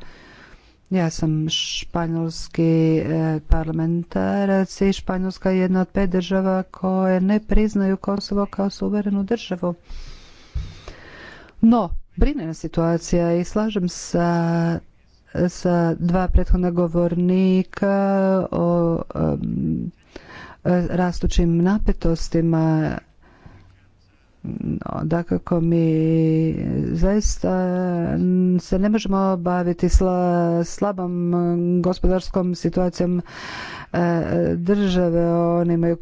ja sam španjolski e, parlamentarac i Španjolska je jedna od pet država koje ne priznaju Kosovo kao suverenu državu. No, brine nas situacija i slažem sa sa dva prethodna govornika o rastućim napetostima kako mi zaista se ne možemo baviti sla, slabom gospodarskom situacijom e, države, oni imaju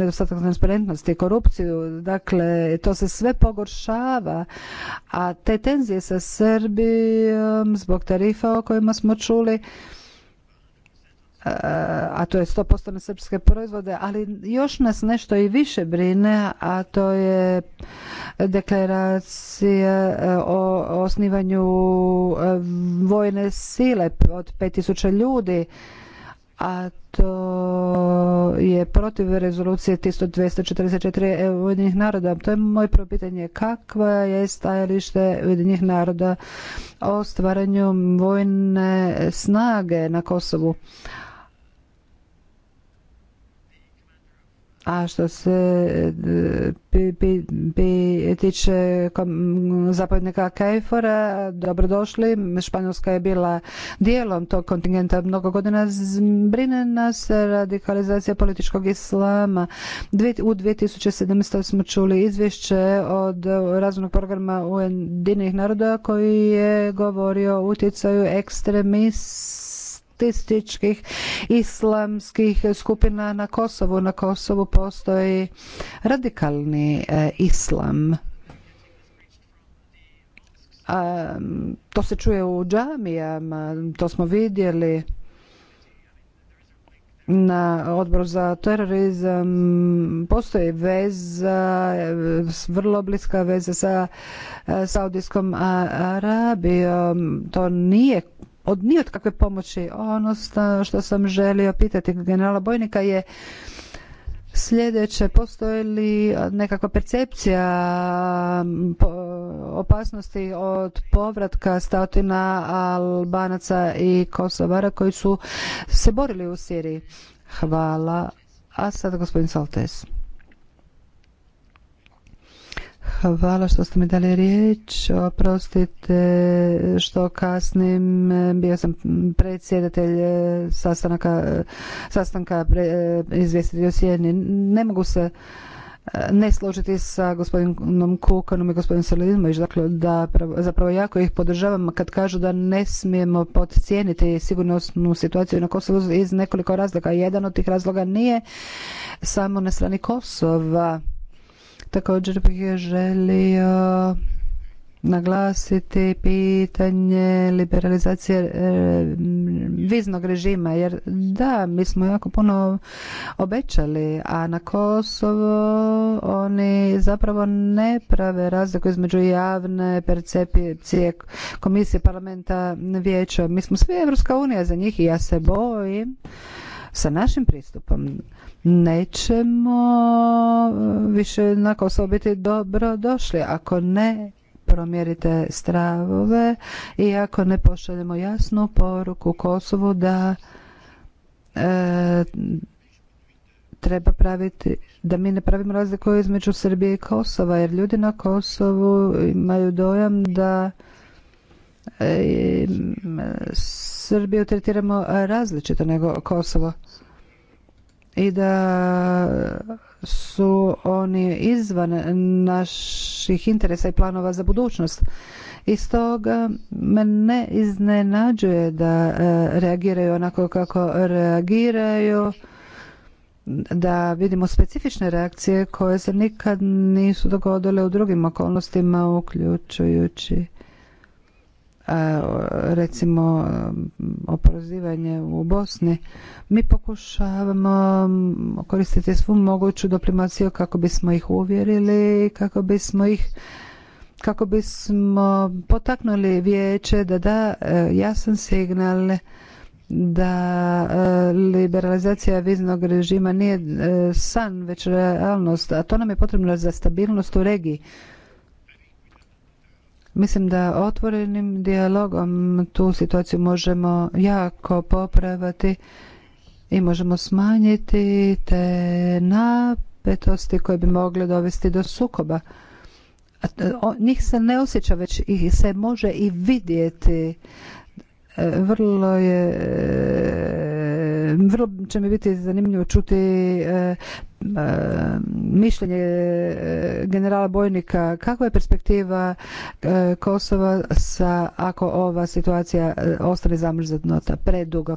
nedostatak transparentnosti, i korupciju, dakle to se sve pogoršava, a te tenzije sa Srbijom zbog tarifa o kojima smo čuli a to je 100% na srpske proizvode, ali još nas nešto i više brine, a to je deklaracija e, o osnivanju e, vojne sile od 5000 ljudi, a to je protiv rezolucije 1244 Ujedinih naroda. To je moje prvo pitanje. Kakva je stajalište Ujedinih naroda o stvaranju vojne snage na Kosovu? A što se e, tiče zapovjednika Kajfora, dobrodošli. Španjolska je bila dijelom tog kontingenta mnogo godina. Brine nas radikalizacija političkog islama. U 2017. smo čuli izvješće od razvojnog programa UNA naroda koji je govorio o utjecaju ekstremista separatističkih islamskih skupina na Kosovu. Na Kosovu postoji radikalni e, islam. A, to se čuje u džamijama, to smo vidjeli na odboru za terorizam postoji veza, vrlo bliska veza sa e, Saudijskom Arabijom. To nije od ni od kakve pomoći. Ono što sam želio pitati generala Bojnika je sljedeće, postoji li nekakva percepcija opasnosti od povratka statina Albanaca i Kosovara koji su se borili u Siriji? Hvala. A sad gospodin Saltes. Hvala što ste mi dali riječ. Oprostite što kasnim. Bio sam predsjedatelj e, sastanaka, e, sastanka e, izvjestitelj o Ne mogu se ne složiti sa gospodinom Kukanom i gospodinom Salimović, dakle da zapravo jako ih podržavam kad kažu da ne smijemo podcijeniti sigurnosnu situaciju na Kosovu iz nekoliko razloga. Jedan od tih razloga nije samo na strani Kosova, Također bih želio naglasiti pitanje liberalizacije e, viznog režima jer da mi smo jako puno obećali a na Kosovo oni zapravo ne prave razliku između javne percepcije komisije parlamenta vijeća mi smo svi Evropska unija za njih i ja se bojim sa našim pristupom nećemo e, više jednako biti dobro došli. Ako ne promjerite stravove i ako ne pošaljemo jasnu poruku Kosovu da e, treba praviti, da mi ne pravimo razliku između Srbije i Kosova, jer ljudi na Kosovu imaju dojam da e, e Srbiju tretiramo različito nego Kosovo i da su oni izvan naših interesa i planova za budućnost. I stoga me ne iznenađuje da e, reagiraju onako kako reagiraju da vidimo specifične reakcije koje se nikad nisu dogodile u drugim okolnostima uključujući E, recimo oporezivanje u Bosni. Mi pokušavamo koristiti svu moguću diplomaciju kako bismo ih uvjerili, kako bismo ih kako bismo potaknuli vijeće da da e, jasan signal da e, liberalizacija viznog režima nije san već realnost, a to nam je potrebno za stabilnost u regiji. Mislim da otvorenim dijalogom tu situaciju možemo jako popravati i možemo smanjiti te napetosti koje bi mogle dovesti do sukoba. E, njih se ne osjeća, već ih se može i vidjeti. E, vrlo je vrlo će mi biti zanimljivo čuti e, e, mišljenje e, generala Bojnika kakva je perspektiva Kosova sa ako ova situacija ostane zamrznota predugo.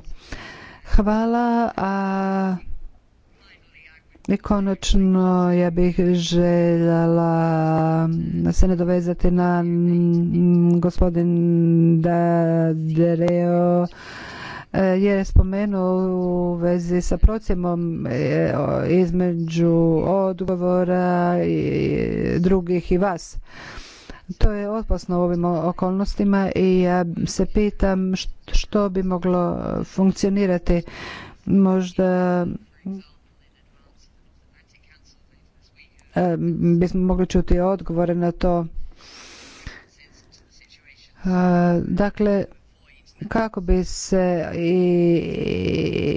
Hvala. A i konačno ja bih željela se ne dovezati na gospodin dareo E, je spomenuo u vezi sa procjenom e, između odgovora i drugih i vas. To je opasno u ovim okolnostima i ja se pitam što bi moglo funkcionirati. Možda e, bismo mogli čuti odgovore na to. Dakle, kako bi se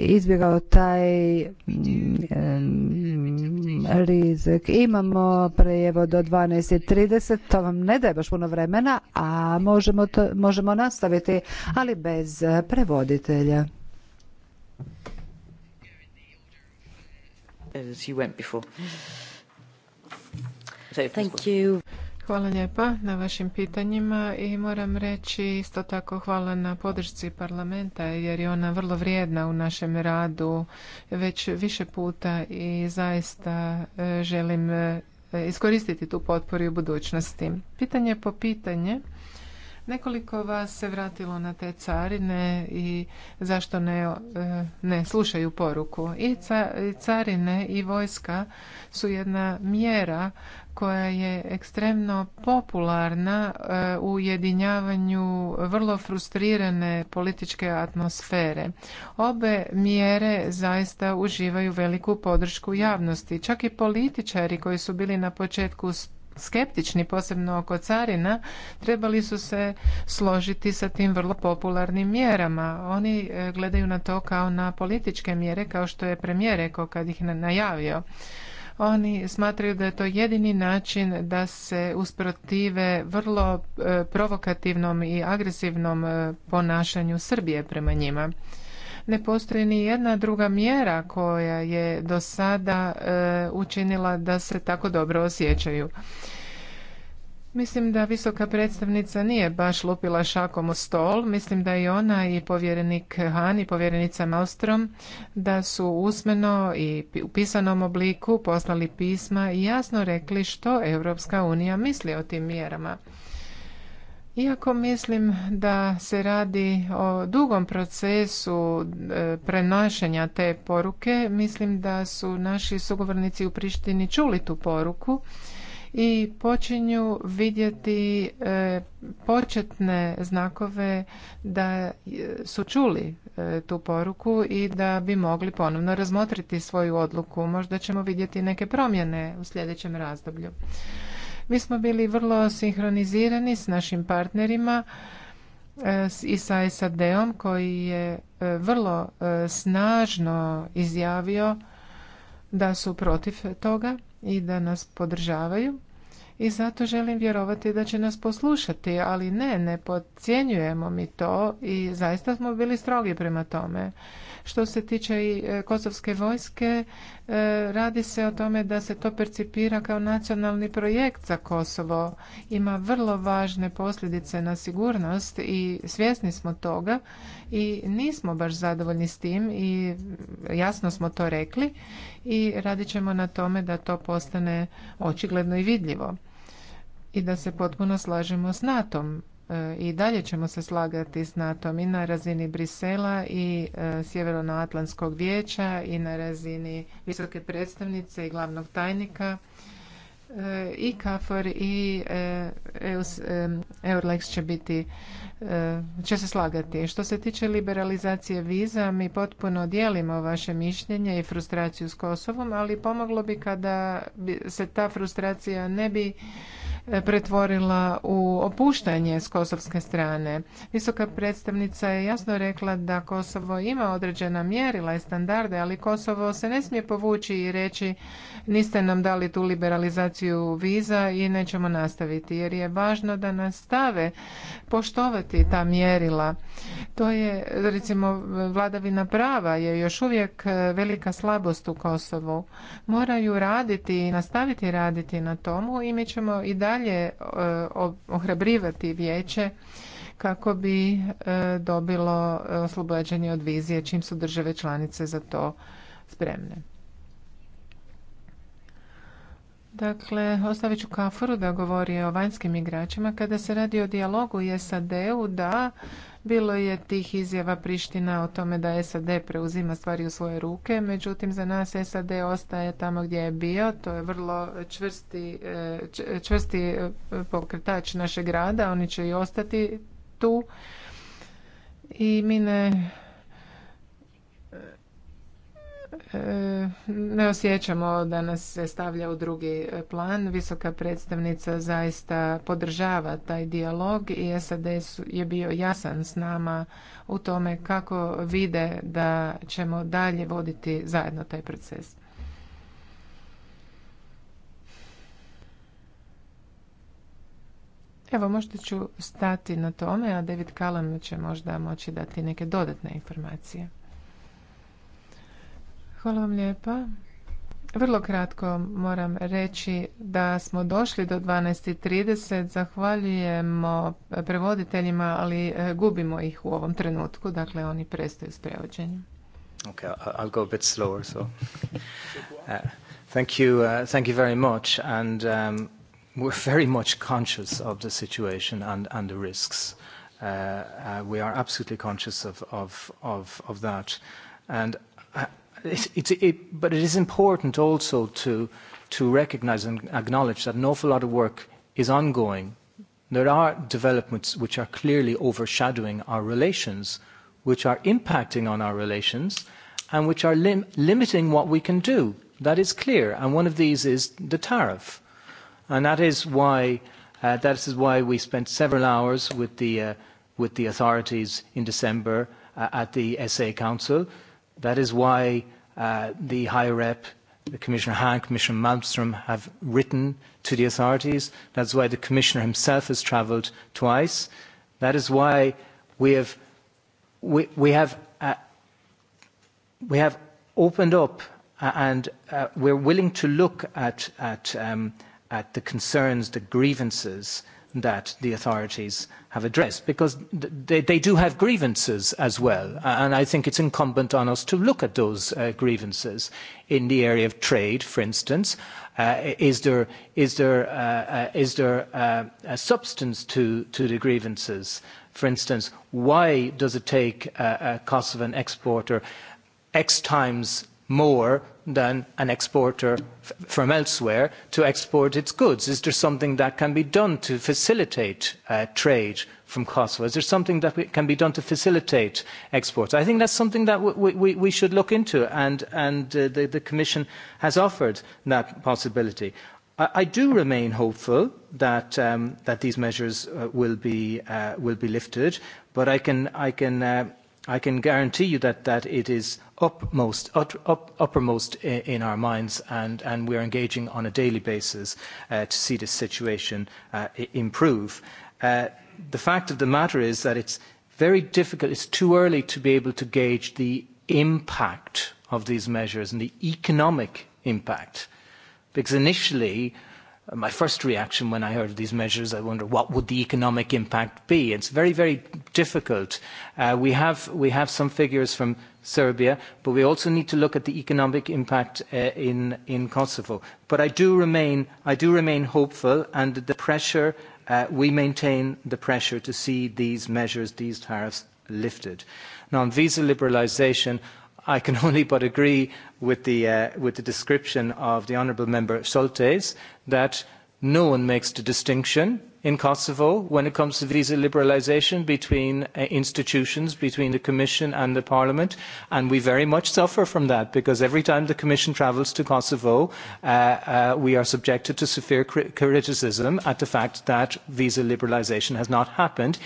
izbjegao taj mm, rizik. Imamo prejevo do 12.30, to vam ne daje baš puno vremena, a možemo, nastaviti, ali bez prevoditelja. Hvala lijepa na vašim pitanjima i moram reći isto tako hvala na podršci parlamenta jer je ona vrlo vrijedna u našem radu već više puta i zaista e, želim e, iskoristiti tu potporu i u budućnosti. Pitanje po pitanje Nekoliko vas se vratilo na te carine i zašto ne, e, ne slušaju poruku. I carine i vojska su jedna mjera koja je ekstremno popularna e, u ujedinjavanju vrlo frustrirane političke atmosfere. Obe mjere zaista uživaju veliku podršku javnosti. Čak i političari koji su bili na početku skeptični, posebno oko carina, trebali su se složiti sa tim vrlo popularnim mjerama. Oni e, gledaju na to kao na političke mjere, kao što je premijer rekao kad ih najavio. Oni smatraju da je to jedini način da se usprotive vrlo e, provokativnom i agresivnom e, ponašanju Srbije prema njima. Ne postoji ni jedna druga mjera koja je do sada e, učinila da se tako dobro osjećaju. Mislim da visoka predstavnica nije baš lupila šakom u stol. Mislim da i ona i povjerenik Han i povjerenica Malstrom da su usmeno i u pisanom obliku poslali pisma i jasno rekli što Europska unija misli o tim mjerama. Iako mislim da se radi o dugom procesu e, prenošenja te poruke, mislim da su naši sugovornici u Prištini čuli tu poruku i počinju vidjeti e, početne znakove da e, su čuli tu poruku i da bi mogli ponovno razmotriti svoju odluku. Možda ćemo vidjeti neke promjene u sljedećem razdoblju. Mi smo bili vrlo sinhronizirani s našim partnerima e, i sa SAD-om koji je e, vrlo e, snažno izjavio da su protiv toga i da nas podržavaju i zato želim vjerovati da će nas poslušati, ali ne, ne podcjenjujemo mi to i zaista smo bili strogi prema tome. Što se tiče i kosovske vojske, E, radi se o tome da se to percipira kao nacionalni projekt za Kosovo. Ima vrlo važne posljedice na sigurnost i svjesni smo toga i nismo baš zadovoljni s tim i jasno smo to rekli i radit ćemo na tome da to postane očigledno i vidljivo i da se potpuno slažemo s NATO-om E, i dalje ćemo se slagati s NATO-om i na razini Brisela i e, Sjevernoatlantskog vijeća i na razini visoke predstavnice i glavnog tajnika e, i KFOR i Eurlex će biti će se slagati. Što se tiče liberalizacije viza, mi potpuno dijelimo vaše mišljenje i frustraciju s Kosovom, ali pomoglo bi kada se ta frustracija ne bi E, pretvorila u opuštanje s kosovske strane. Visoka predstavnica je jasno rekla da Kosovo ima određena mjerila i standarde, ali Kosovo se ne smije povući i reći niste nam dali tu liberalizaciju viza i nećemo nastaviti, jer je važno da nastave poštovati ta mjerila. To je, recimo, vladavina prava je još uvijek e, velika slabost u Kosovu. Moraju raditi i nastaviti raditi na tomu i mi ćemo i dalje dalje e, ohrabrivati vijeće kako bi e, dobilo e, oslobođenje od vizije čim su države članice za to spremne. Dakle, ostavit ću Kaforu da govori o vanjskim igračima. Kada se radi o dijalogu i SAD-u, da, bilo je tih izjava Priština o tome da SAD preuzima stvari u svoje ruke, međutim za nas SAD ostaje tamo gdje je bio, to je vrlo čvrsti, eh, čvrsti eh, pokretač našeg rada, oni će i ostati tu i mi ne E, ne osjećamo da nas se stavlja u drugi plan. Visoka predstavnica zaista podržava taj dijalog i SAD je bio jasan s nama u tome kako vide da ćemo dalje voditi zajedno taj proces. Evo, možda ću stati na tome, a David Kalam će možda moći dati neke dodatne informacije. Hvala vam lijepa. Vrlo kratko moram reći da smo došli do 12.30. Zahvaljujemo prevoditeljima, ali eh, gubimo ih u ovom trenutku, dakle oni prestaju s prevođenjem. Ok, I'll go a bit slower, so. Uh, thank you, uh, thank you very much, and um, we're very much conscious of the situation and, and the risks. Uh, uh, we are absolutely conscious of, of, of, of that. And It's, it's, it, but it is important also to, to recognize and acknowledge that an awful lot of work is ongoing. There are developments which are clearly overshadowing our relations, which are impacting on our relations, and which are lim limiting what we can do. That is clear. And one of these is the tariff. And that is why, uh, that is why we spent several hours with the, uh, with the authorities in December uh, at the SA Council That is why uh, the High Rep, the Commissioner Hahn, Commissioner Malmström have written to the authorities. That's why the Commissioner himself has travelled twice. That is why we have, we, we have, uh, we have opened up uh, and uh, we're willing to look at, at, um, at the concerns, the grievances that the authorities have addressed because they, they do have grievances as well and i think it's incumbent on us to look at those uh, grievances in the area of trade for instance uh, is there is there uh, is there a substance to to the grievances for instance why does it take a kosovan exporter x times more than an exporter from elsewhere to export its goods? Is there something that can be done to facilitate uh, trade from Kosovo? Is there something that can be done to facilitate exports? I think that's something that we, we, we should look into, and, and uh, the, the Commission has offered that possibility. I, I do remain hopeful that, um, that these measures uh, will, be, uh, will be lifted, but I can, I can, I can guarantee you that, that it is upmost, uppermost in, our minds and, and are engaging on a daily basis uh, to see this situation uh, improve. Uh, the fact of the matter is that it's very difficult, it's too early to be able to gauge the impact of these measures and the economic impact because initially my first reaction when I heard of these measures, I wonder what would the economic impact be. It's very, very difficult. Uh, we, have, we have some figures from Serbia, but we also need to look at the economic impact uh, in, in Kosovo. But I do remain, I do remain hopeful, and the pressure, uh, we maintain the pressure to see these measures, these tariffs lifted. Now, on visa liberalisation, i can only but agree with the, uh, with the description of the Honourable Member Soltes that no one makes the distinction in Kosovo when it comes to visa liberalisation between uh, institutions, between the Commission and the Parliament. And we very much suffer from that because every time the Commission travels to Kosovo, uh, uh, we are subjected to severe criticism at the fact that visa liberalisation has not happened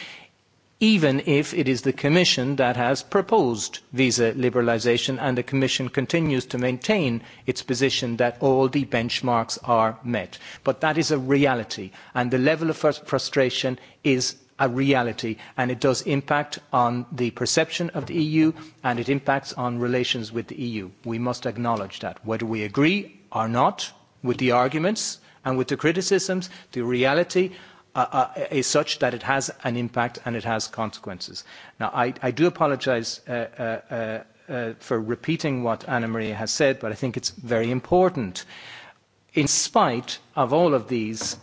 even if it is the commission that has proposed visa liberalisation and the commission continues to maintain its position that all the benchmarks are met. but that is a reality and the level of frustration is a reality and it does impact on the perception of the eu and it impacts on relations with the eu. we must acknowledge that whether we agree or not with the arguments and with the criticisms the reality uh, is such that it has an impact and it has consequences. Now, I, I do apologize uh, uh, uh, uh, for repeating what Anna Maria has said, but I think it's very important. In spite of all of these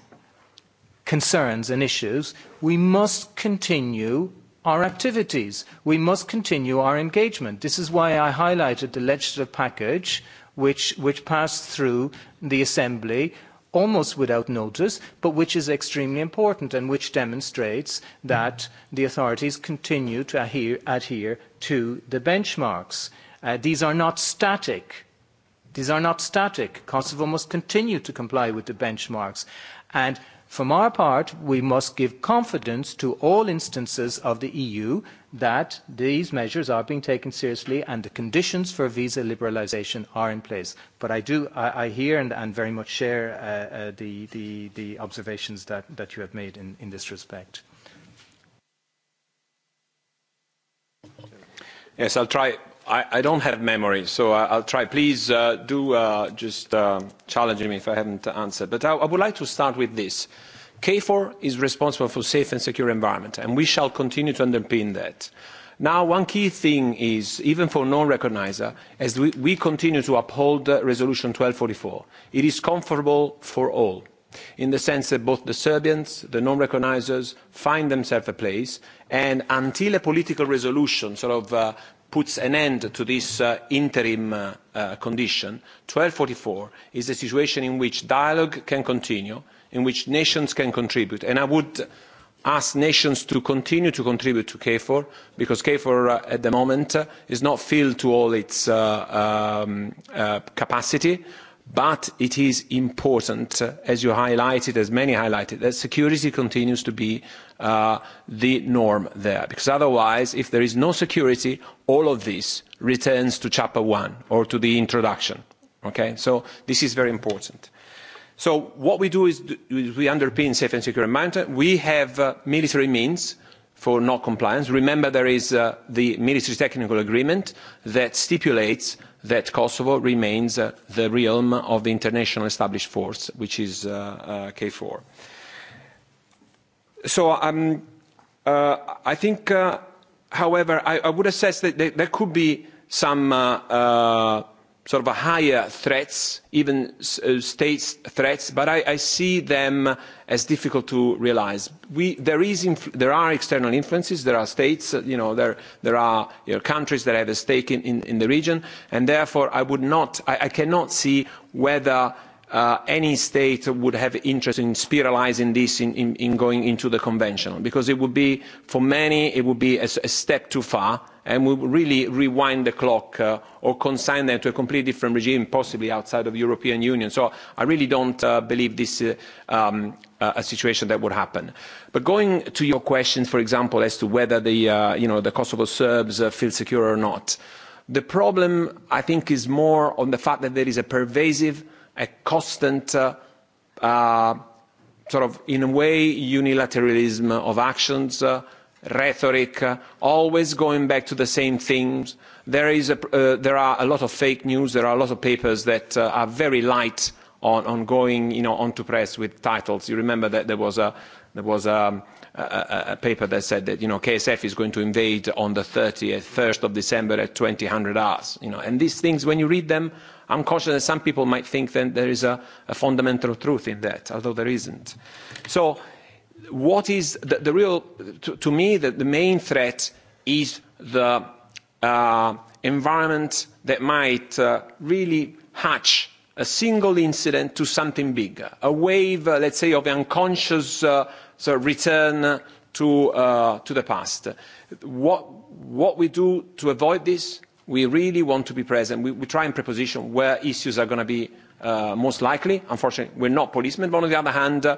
concerns and issues, we must continue our activities. We must continue our engagement. This is why I highlighted the legislative package which, which passed through the Assembly almost without notice, but which is extremely important and which demonstrates that the authorities continue to adhere, to the benchmarks. Uh, these are not static. These are not static. Kosovo must continue to comply with the benchmarks. And From our part we must give confidence to all instances of the eu that these measures are being taken seriously and the conditions for visa liberalisation are in place but i do i, I hear and, and very much share uh, uh, the, the the observations that that you have made in in this respect yes i'll try i, don't have memory, so I'll try. Please uh, do uh, just uh, challenge me if I haven't answered. But I, would like to start with this. KFOR is responsible for safe and secure environment, and we shall continue to underpin that. Now, one key thing is, even for non-recognizer, as we, continue to uphold Resolution 1244, it is comfortable for all in the sense that both the Serbians, the non-recognizers, find themselves a place, and until a political resolution, sort of puts an end to this uh, interim uh, uh, condition, 1244 is a situation in which dialogue can continue, in which nations can contribute. And I would ask nations to continue to contribute to KFOR, because KFOR uh, at the moment uh, is not filled to all its uh, um, capacity but it is important uh, as you highlighted as many highlighted that security continues to be uh, the norm there because otherwise if there is no security all of this returns to chapter one or to the introduction okay so this is very important so what we do is we underpin safe and secure environment we have uh, military means for non compliance. Remember there is uh, the military technical agreement that stipulates that Kosovo remains uh, the realm of the international established force, which is uh, uh K4. So um, uh, I think, however, I, I would assess that there, there could be some sort of higher threats, even uh, states threats, but I, I see them as difficult to realize. We, there, is there are external influences, there are states, uh, you know, there, there are countries that have a stake in, in, in the region, and therefore I would not, I, I cannot see whether Uh, any state would have interest in spiralising this in, in, in going into the conventional because it would be for many it would be a, a step too far and we would really rewind the clock uh, or consign them to a completely different regime possibly outside of the european union. so i really don't uh, believe this is uh, um, uh, a situation that would happen. but going to your question for example as to whether the, you know, the kosovo serbs feel secure or not the problem i think is more on the fact that there is a pervasive a constant uh, uh, sort of, in a way, unilateralism of actions, uh, rhetoric, uh, always going back to the same things. There, is a, uh, there are a lot of fake news, there are a lot of papers that uh, are very light on, on going you know, press with titles. You remember that there was a, there was um, a, a paper that said that you know, KSF is going to invade on the 30th, 1st of December at 2000 hours. You know, and these things, when you read them, i'm conscious that some people might think that there is a, a fundamental truth in that although there isn't. so what is the, the real to, me the, the main threat is the uh, environment that might uh, really hatch a single incident to something bigger a wave uh, let's say of unconscious uh, return to, uh, to the past. what what we do to avoid this we really want to be present. We, we try and preposition where issues are going to be uh, most likely. Unfortunately, we're not policemen. But on the other hand, uh,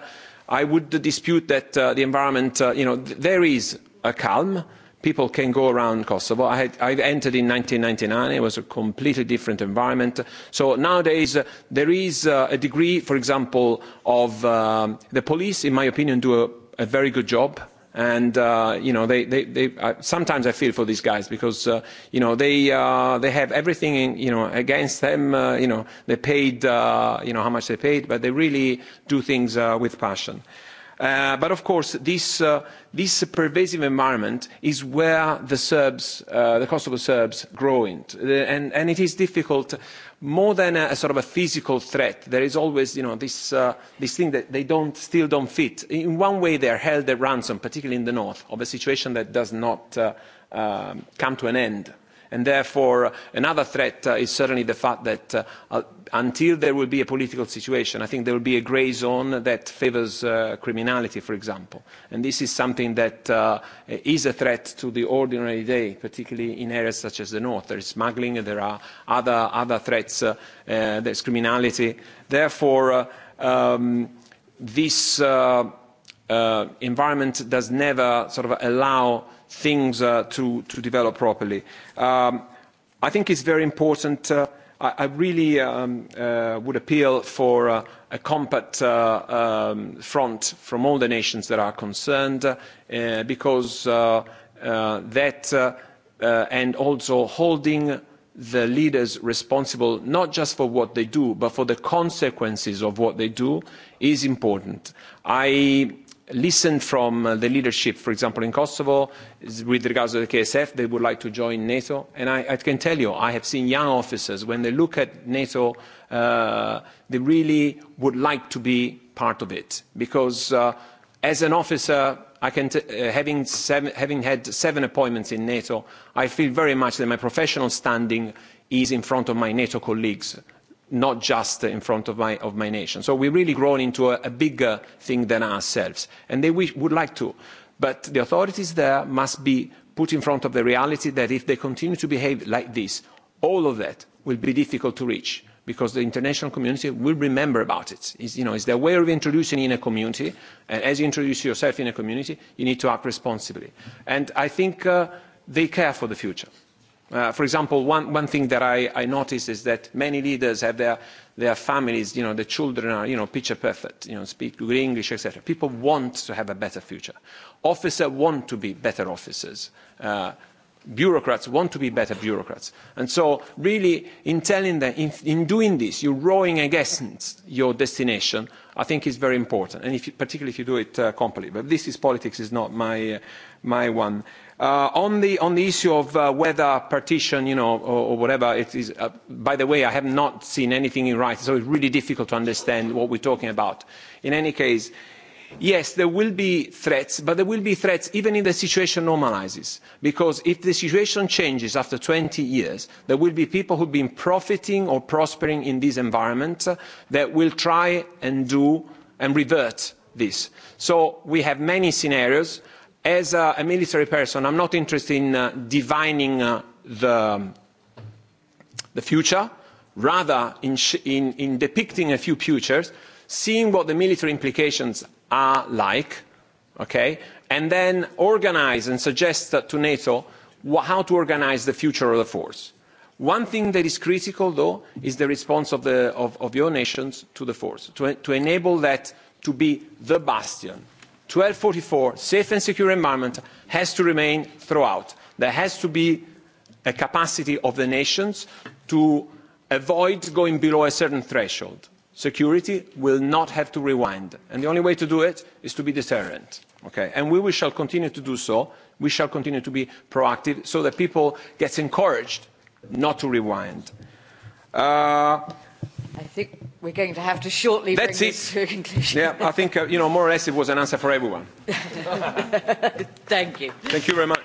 I would dispute that uh, the environment, you know, there is a calm. People can go around Kosovo. I, had, I entered in 1999. It was a completely different environment. So nowadays, there is a degree, for example, of um, the police, in my opinion, do a, a very good job and uh, you know they they, they I sometimes I feel for these guys because uh, you know they uh, they have everything in, you know against them uh, you know they paid uh, you know how much they paid but they really do things uh, with passion. Uh, but of course, this, uh, this pervasive environment is where the Serbs, uh, the Kosovo Serbs, grow and, and it is difficult more than a, sort of a physical threat there is always you know this uh, this thing that they don't still don't fit in one way they are held at ransom particularly in the north of a situation that does not uh, um, come to an end and therefore uh, another threat uh, is certainly the fact that uh, until there will be a political situation i think there will be a grey zone that favours criminality for example and this is something that is a threat to the ordinary day particularly in areas such as the north there is smuggling there are other other threats there's criminality therefore um, this environment does never sort of allow things uh, to, to develop properly. Um, I think it's very important uh, i really um, uh, would appeal for a compact um, front from all the nations that are concerned because that and also holding the leaders responsible not just for what they do but for the consequences of what they do is important. I listen from uh, the leadership for example in kosovo with regards to the ksf they would like to join nato and i, I can tell you i have seen young officers when they look at nato uh, they really would like to be part of it because uh, as an officer I can t uh, having, seven, having had seven appointments in nato i feel very much that my professional standing is in front of my nato colleagues not just in front of my, of my nation. So we've really grown into a, a bigger thing than ourselves. And they wish, would like to. But the authorities there must be put in front of the reality that if they continue to behave like this, all of that will be difficult to reach because the international community will remember about it. It's, you know, their way of introducing in a community. And as you introduce yourself in a community, you need to act responsibly. And I think uh, they care for the future. Uh, for example, one, one thing that I, I notice is that many leaders have their, their families, you know, the children are, you know, picture perfect, you know, speak good English, etc. People want to have a better future. Officers want to be better officers. Uh, bureaucrats want to be better bureaucrats. And so really in telling them, in, in doing this, you're rowing against your destination, I think is very important, and if particularly if you do it uh, But this is politics, is not my, uh, my one. Uh, on, the, on the issue of uh, whether partition, you know, or, whatever it is, uh, by the way, I have not seen anything in writing, so it's really difficult to understand what we're talking about. In any case, yes, there will be threats, but there will be threats even if the situation normalizes, because if the situation changes after 20 years, there will be people who've been profiting or prospering in this environment that will try and do and revert this. So we have many scenarios as a, military person i'm not interested in uh, divining uh, the the future rather in, in in depicting a few futures seeing what the military implications are like okay and then organize and suggest uh, to nato how to organize the future of the force one thing that is critical though is the response of the of, of your nations to the force to, to enable that to be the bastion forty four safe and secure environment has to remain throughout. there has to be a capacity of the nations to avoid going below a certain threshold. security will not have to rewind and the only way to do it is to be deterrent. Okay? and we, shall continue to do so. we shall continue to be proactive so that people get encouraged not to rewind. Uh, I think We're going to have to shortly bring this to a conclusion. Yeah, I think, uh, you know, more or less it was an answer for everyone. Thank you. Thank you very much.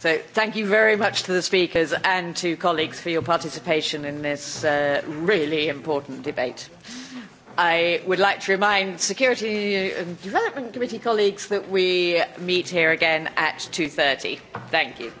So thank you very much to the speakers and to colleagues for your participation in this uh, really important debate. I would like to remind Security and Development Committee colleagues that we meet here again at 2.30. Thank you.